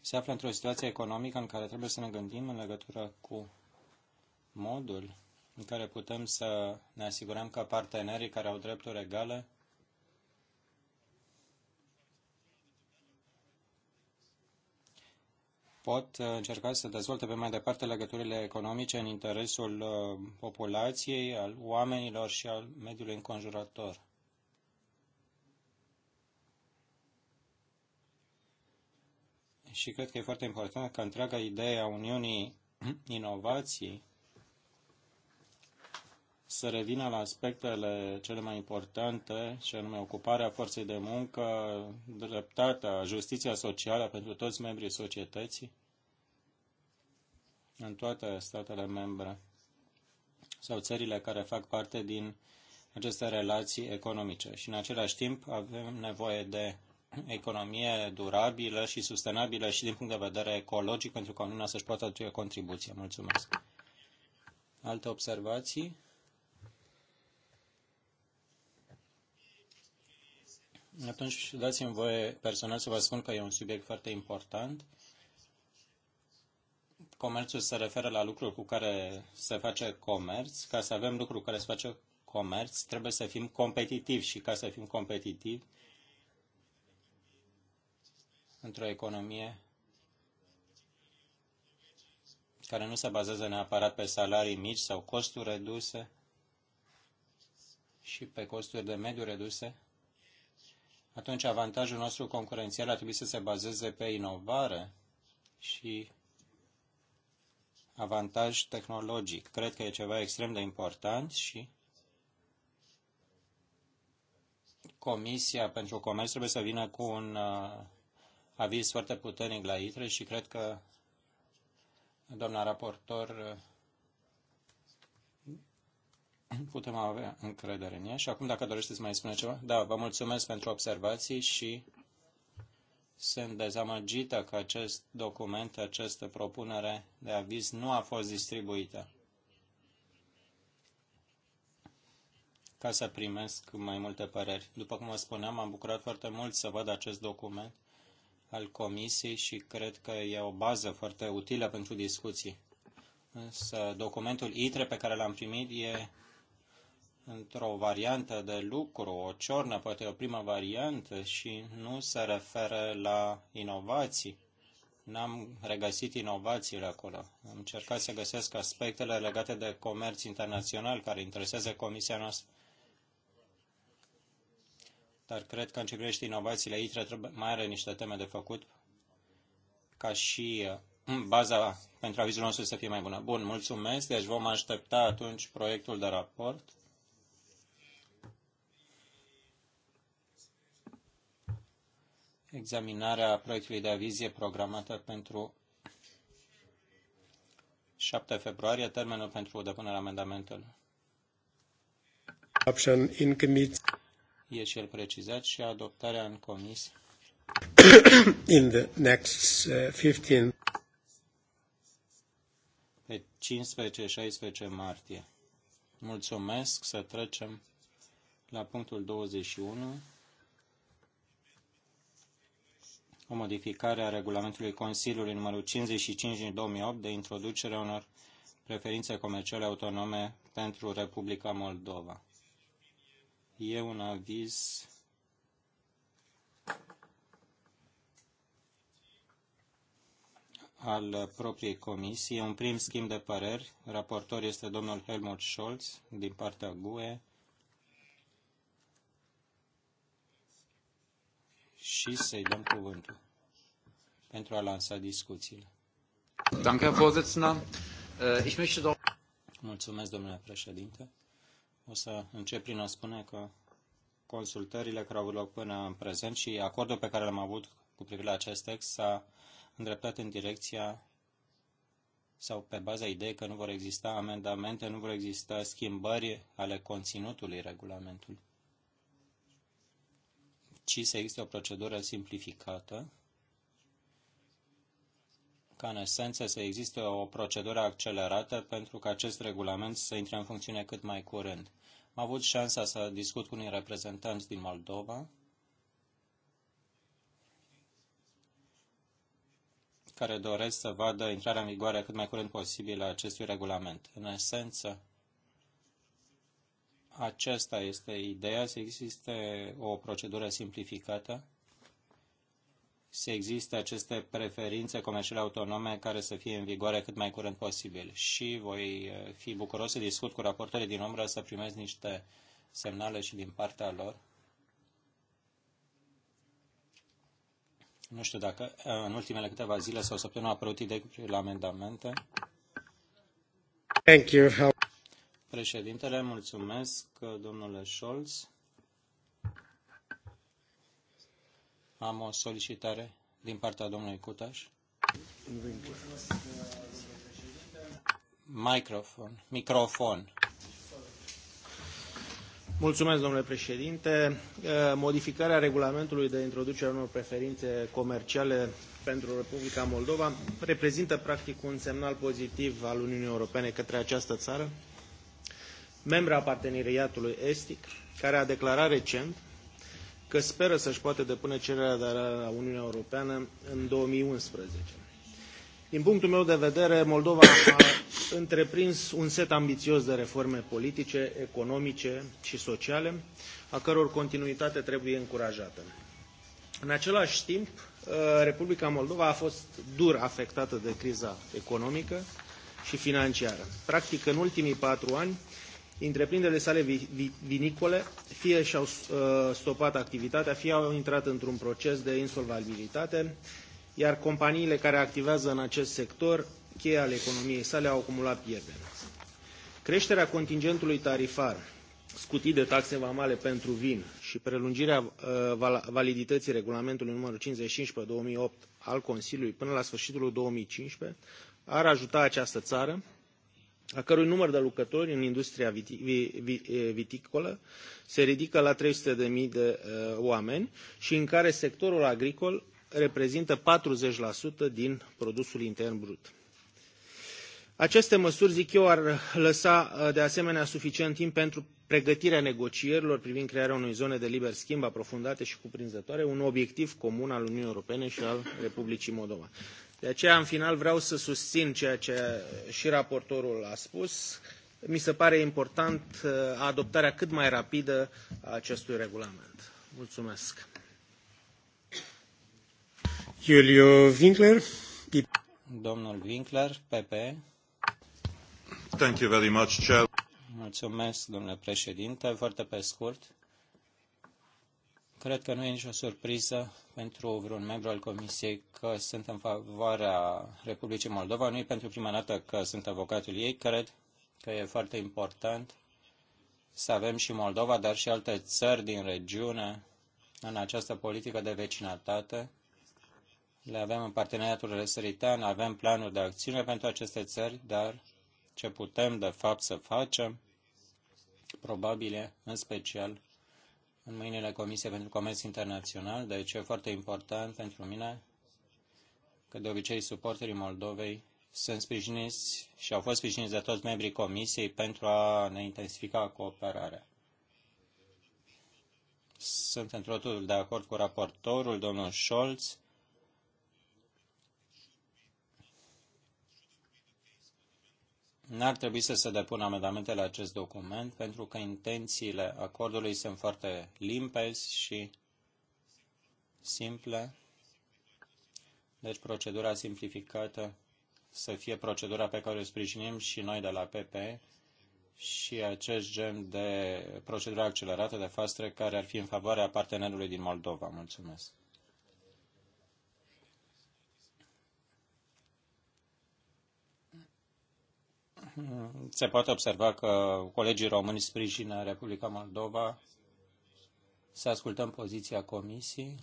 se află într-o situație economică în care trebuie să ne gândim în legătură cu modul în care putem să ne asigurăm că partenerii care au drepturi egale pot uh, încerca să dezvolte pe mai departe legăturile economice în interesul uh, populației, al oamenilor și al mediului înconjurător. și cred că e foarte important că întreaga idee a Uniunii Inovației să revină la aspectele cele mai importante, și anume ocuparea forței de muncă, dreptatea, justiția socială pentru toți membrii societății în toate statele membre sau țările care fac parte din aceste relații economice. Și în același timp avem nevoie de economie durabilă și sustenabilă și din punct de vedere ecologic pentru că nu să-și poată aduce contribuție. Mulțumesc. Alte observații? Atunci dați-mi voie personal să vă spun că e un subiect foarte important. Comerțul se referă la lucruri cu care se face comerț. Ca să avem lucruri cu care se face comerț, trebuie să fim competitivi și ca să fim competitivi, într-o economie care nu se bazează neapărat pe salarii mici sau costuri reduse și pe costuri de mediu reduse, atunci avantajul nostru concurențial ar trebui să se bazeze pe inovare și avantaj tehnologic. Cred că e ceva extrem de important și Comisia pentru Comerț trebuie să vină cu un uh, aviz foarte puternic la ITRE și cred că doamna raportor eh, putem avea încredere în ea. Și acum, dacă dorește să mai spune ceva, da, vă mulțumesc pentru observații și sunt dezamăgită că acest document, această propunere de aviz nu a fost distribuită. Ca să primesc mai multe păreri. După cum vă spuneam, am bucurat foarte mult să văd acest document al Comisiei și cred că e o bază foarte utilă pentru discuții. Însă documentul ITRE pe care l-am primit e într-o variantă de lucru, o ciornă, poate o primă variantă și nu se referă la inovații. N-am regăsit inovațiile acolo. Am încercat să găsesc aspectele legate de comerț internațional care interesează comisia noastră dar cred că în ce privește inovațiile ITRE trebuie, mai are niște teme de făcut ca și uh, baza pentru avizul nostru să fie mai bună. Bun, mulțumesc, deci vom aștepta atunci proiectul de raport. Examinarea proiectului de avizie programată pentru 7 februarie, termenul pentru depunerea amendamentelor e cel precizat și adoptarea în comisie.
In the next 15 uh,
pe 15-16 martie. Mulțumesc să trecem la punctul 21. O modificare a regulamentului Consiliului numărul 55 din 2008 de introducerea unor preferințe comerciale autonome pentru Republica Moldova. E un aviz al propriei comisii. E un prim schimb de păreri. Raportor este domnul Helmut Scholz din partea GUE. Și să-i dăm cuvântul pentru a lansa discuțiile. Äh, Mulțumesc, domnule președinte. O să încep prin a spune că consultările care au avut loc până în prezent și acordul pe care l-am avut cu privire la acest text s-a îndreptat în direcția sau pe baza ideii că nu vor exista amendamente, nu vor exista schimbări ale conținutului regulamentului, ci să existe o procedură simplificată ca în esență să existe o procedură accelerată pentru ca acest regulament să intre în funcțiune cât mai curând. Am avut șansa să discut cu unii reprezentanți din Moldova, care doresc să vadă intrarea în vigoare cât mai curând posibil a acestui regulament. În esență, aceasta este ideea, să existe o procedură simplificată să existe aceste preferințe comerciale autonome care să fie în vigoare cât mai curând posibil. Și voi eh, fi bucuros să discut cu raportorii din umbră să primez niște semnale și din partea lor. Nu știu dacă eh, în ultimele câteva zile sau săptămâni au apărut idei la amendamente. Thank you. Președintele, mulțumesc, domnule Scholz. Am o solicitare din partea domnului Cutaș. Microfon. Microfon.
Mulțumesc, domnule președinte. Eh, modificarea regulamentului de introducere a unor preferințe comerciale pentru Republica Moldova reprezintă practic un semnal pozitiv al Uniunii Europene către această țară, membra parteneriatului estic, care a declarat recent că speră să-și poată depune cererea de aderare la Uniunea Europeană în 2011. Din punctul meu de vedere, Moldova a întreprins un set ambițios de reforme politice, economice și sociale, a căror continuitate trebuie încurajată. În același timp, ă, Republica Moldova a fost dur afectată de criza economică și financiară. Practic, în ultimii patru ani, întreprinderile sale vinicole fie și-au uh, stopat activitatea, fie au intrat într-un proces de insolvabilitate, iar companiile care activează în acest sector, cheie ale economiei sale, au acumulat pierderi. Creșterea contingentului tarifar scutit de taxe vamale pentru vin și prelungirea uh, validității regulamentului numărul 55 2008 al Consiliului până la sfârșitul 2015 ar ajuta această țară a cărui număr de lucrători în industria viticolă se ridică la 300.000 de oameni și în care sectorul agricol reprezintă 40% din produsul intern brut. Aceste măsuri, zic eu, ar lăsa de asemenea suficient timp pentru pregătirea negocierilor privind crearea unei zone de liber schimb aprofundate și cuprinzătoare, un obiectiv comun al Uniunii Europene și al Republicii Moldova. De aceea, în final, vreau să susțin ceea ce și raportorul a spus. Mi se pare important uh, adoptarea cât mai rapidă a acestui regulament.
Mulțumesc.
Julio Winkler.
Domnul Winkler, PP. Thank you very much, Chair. Mulțumesc, domnule președinte. Foarte pe scurt. Cred că nu e nicio surpriză pentru vreun membru al Comisiei că sunt în favoarea Republicii Moldova. Nu e pentru prima dată că sunt avocatul ei. Cred că e foarte important să avem și Moldova, dar și alte țări din regiune în această politică de vecinătate. Le avem în parteneriatul răsăritan, avem planuri de acțiune pentru aceste țări, dar ce putem de fapt să facem, probabil în special în mâinile Comisiei pentru Comerț Internațional, deci e foarte important pentru mine că de obicei suporterii Moldovei sunt sprijiniți și au fost sprijiniți de toți membrii Comisiei pentru a ne intensifica cooperarea. Sunt într totul de acord cu raportorul, domnul Scholz, N-ar trebui să se depună amendamente la acest document pentru că intențiile acordului sunt foarte limpezi și simple. Deci procedura simplificată să fie procedura pe care o sprijinim și noi de la PP și acest gen de procedură accelerată de fast care ar fi în favoarea partenerului din Moldova. Mulțumesc. se poate observa că colegii români sprijină Republica Moldova. Să ascultăm poziția comisiei.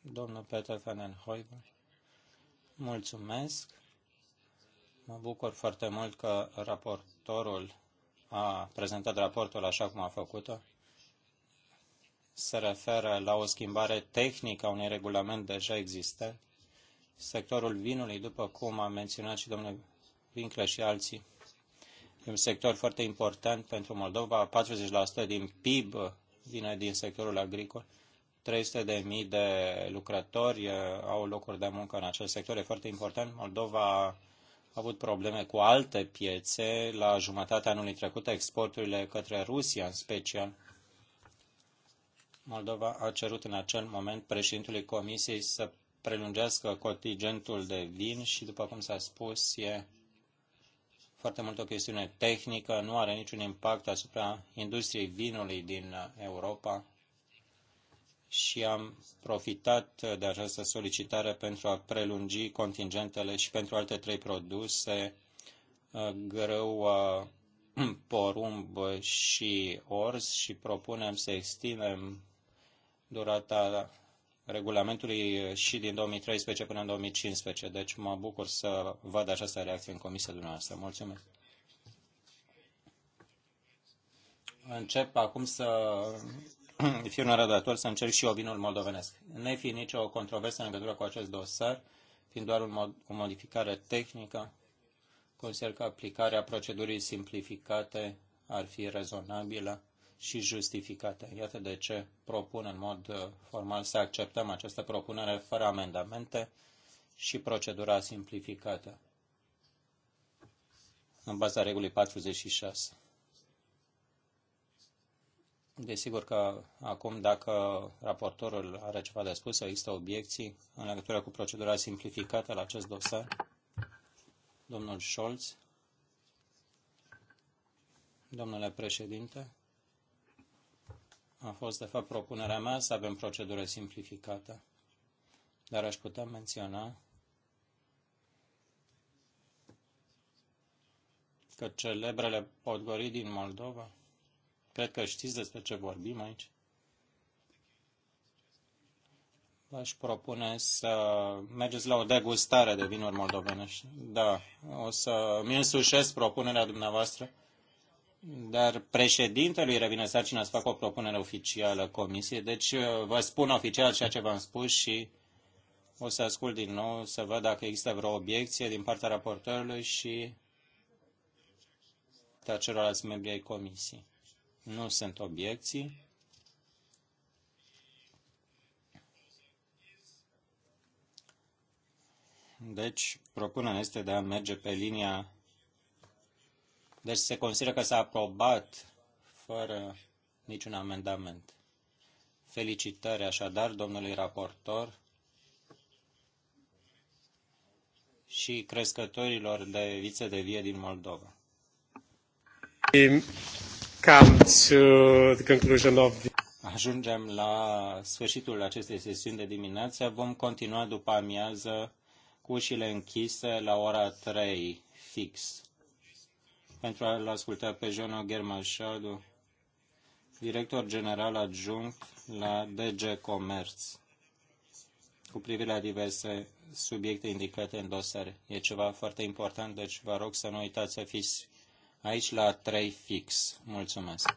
Domnul Peter Fanenhoiber, mulțumesc. Mă bucur foarte mult că raportorul a prezentat raportul așa cum a făcut-o. Se referă la o schimbare tehnică a unui regulament deja existent sectorul vinului, după cum a menționat și domnul Vinclă și alții, e un sector foarte important pentru Moldova. 40% din PIB vine din sectorul agricol. 300 de mii de lucrători au locuri de muncă în acest sector. E foarte important. Moldova a avut probleme cu alte piețe. La jumătatea anului trecut, exporturile către Rusia, în special, Moldova a cerut în acel moment președintului Comisiei să prelungească contingentul de vin și, după cum s-a spus, e foarte mult o chestiune tehnică, nu are niciun impact asupra industriei vinului din Europa și am profitat de această solicitare pentru a prelungi contingentele și pentru alte trei produse, grâu, porumb și orz și propunem să extindem durata regulamentului și din 2013 până în 2015. Deci mă bucur să văd această reacție în comisia dumneavoastră. Mulțumesc. Încep acum să fiu un să încerc și eu vinul moldovenesc. Ne fi nicio controversă în legătură cu acest dosar, fiind doar un mod, o modificare tehnică, consider că aplicarea procedurii simplificate ar fi rezonabilă și justificate. Iată de ce propun în mod uh, formal să acceptăm această propunere fără amendamente și procedura simplificată în baza regulii 46. Desigur că acum, dacă raportorul are ceva de spus sau există obiecții în legătură cu procedura simplificată la acest dosar, domnul Scholz, domnule președinte, a fost, de fapt, propunerea mea să avem procedură simplificată, dar aș putea menționa că celebrele podgori din Moldova, cred că știți despre ce vorbim aici, v-aș propune să mergeți la o degustare de vinuri moldovenești. Da, o să mi însușesc propunerea dumneavoastră dar președintelui revine sarcina să facă o propunere oficială comisiei, deci uh, vă spun oficial ceea ce v-am spus și o să ascult din nou să văd dacă există vreo obiecție din partea raportorului și a celorlalți membri ai comisiei. Nu sunt obiecții. Deci, propunerea este de a merge pe linia deci se consideră că s-a aprobat fără niciun amendament. Felicitări așadar domnului raportor și crescătorilor de viță de vie din Moldova. Ajungem la sfârșitul acestei sesiuni de dimineață. Vom continua după amiază cu ușile închise la ora 3 fix pentru a-l asculta pe Jono Germașadu, director general adjunct la DG Comerț, cu privire la diverse subiecte indicate în dosare. E ceva foarte important, deci vă rog să nu uitați să fiți aici la 3 fix. Mulțumesc!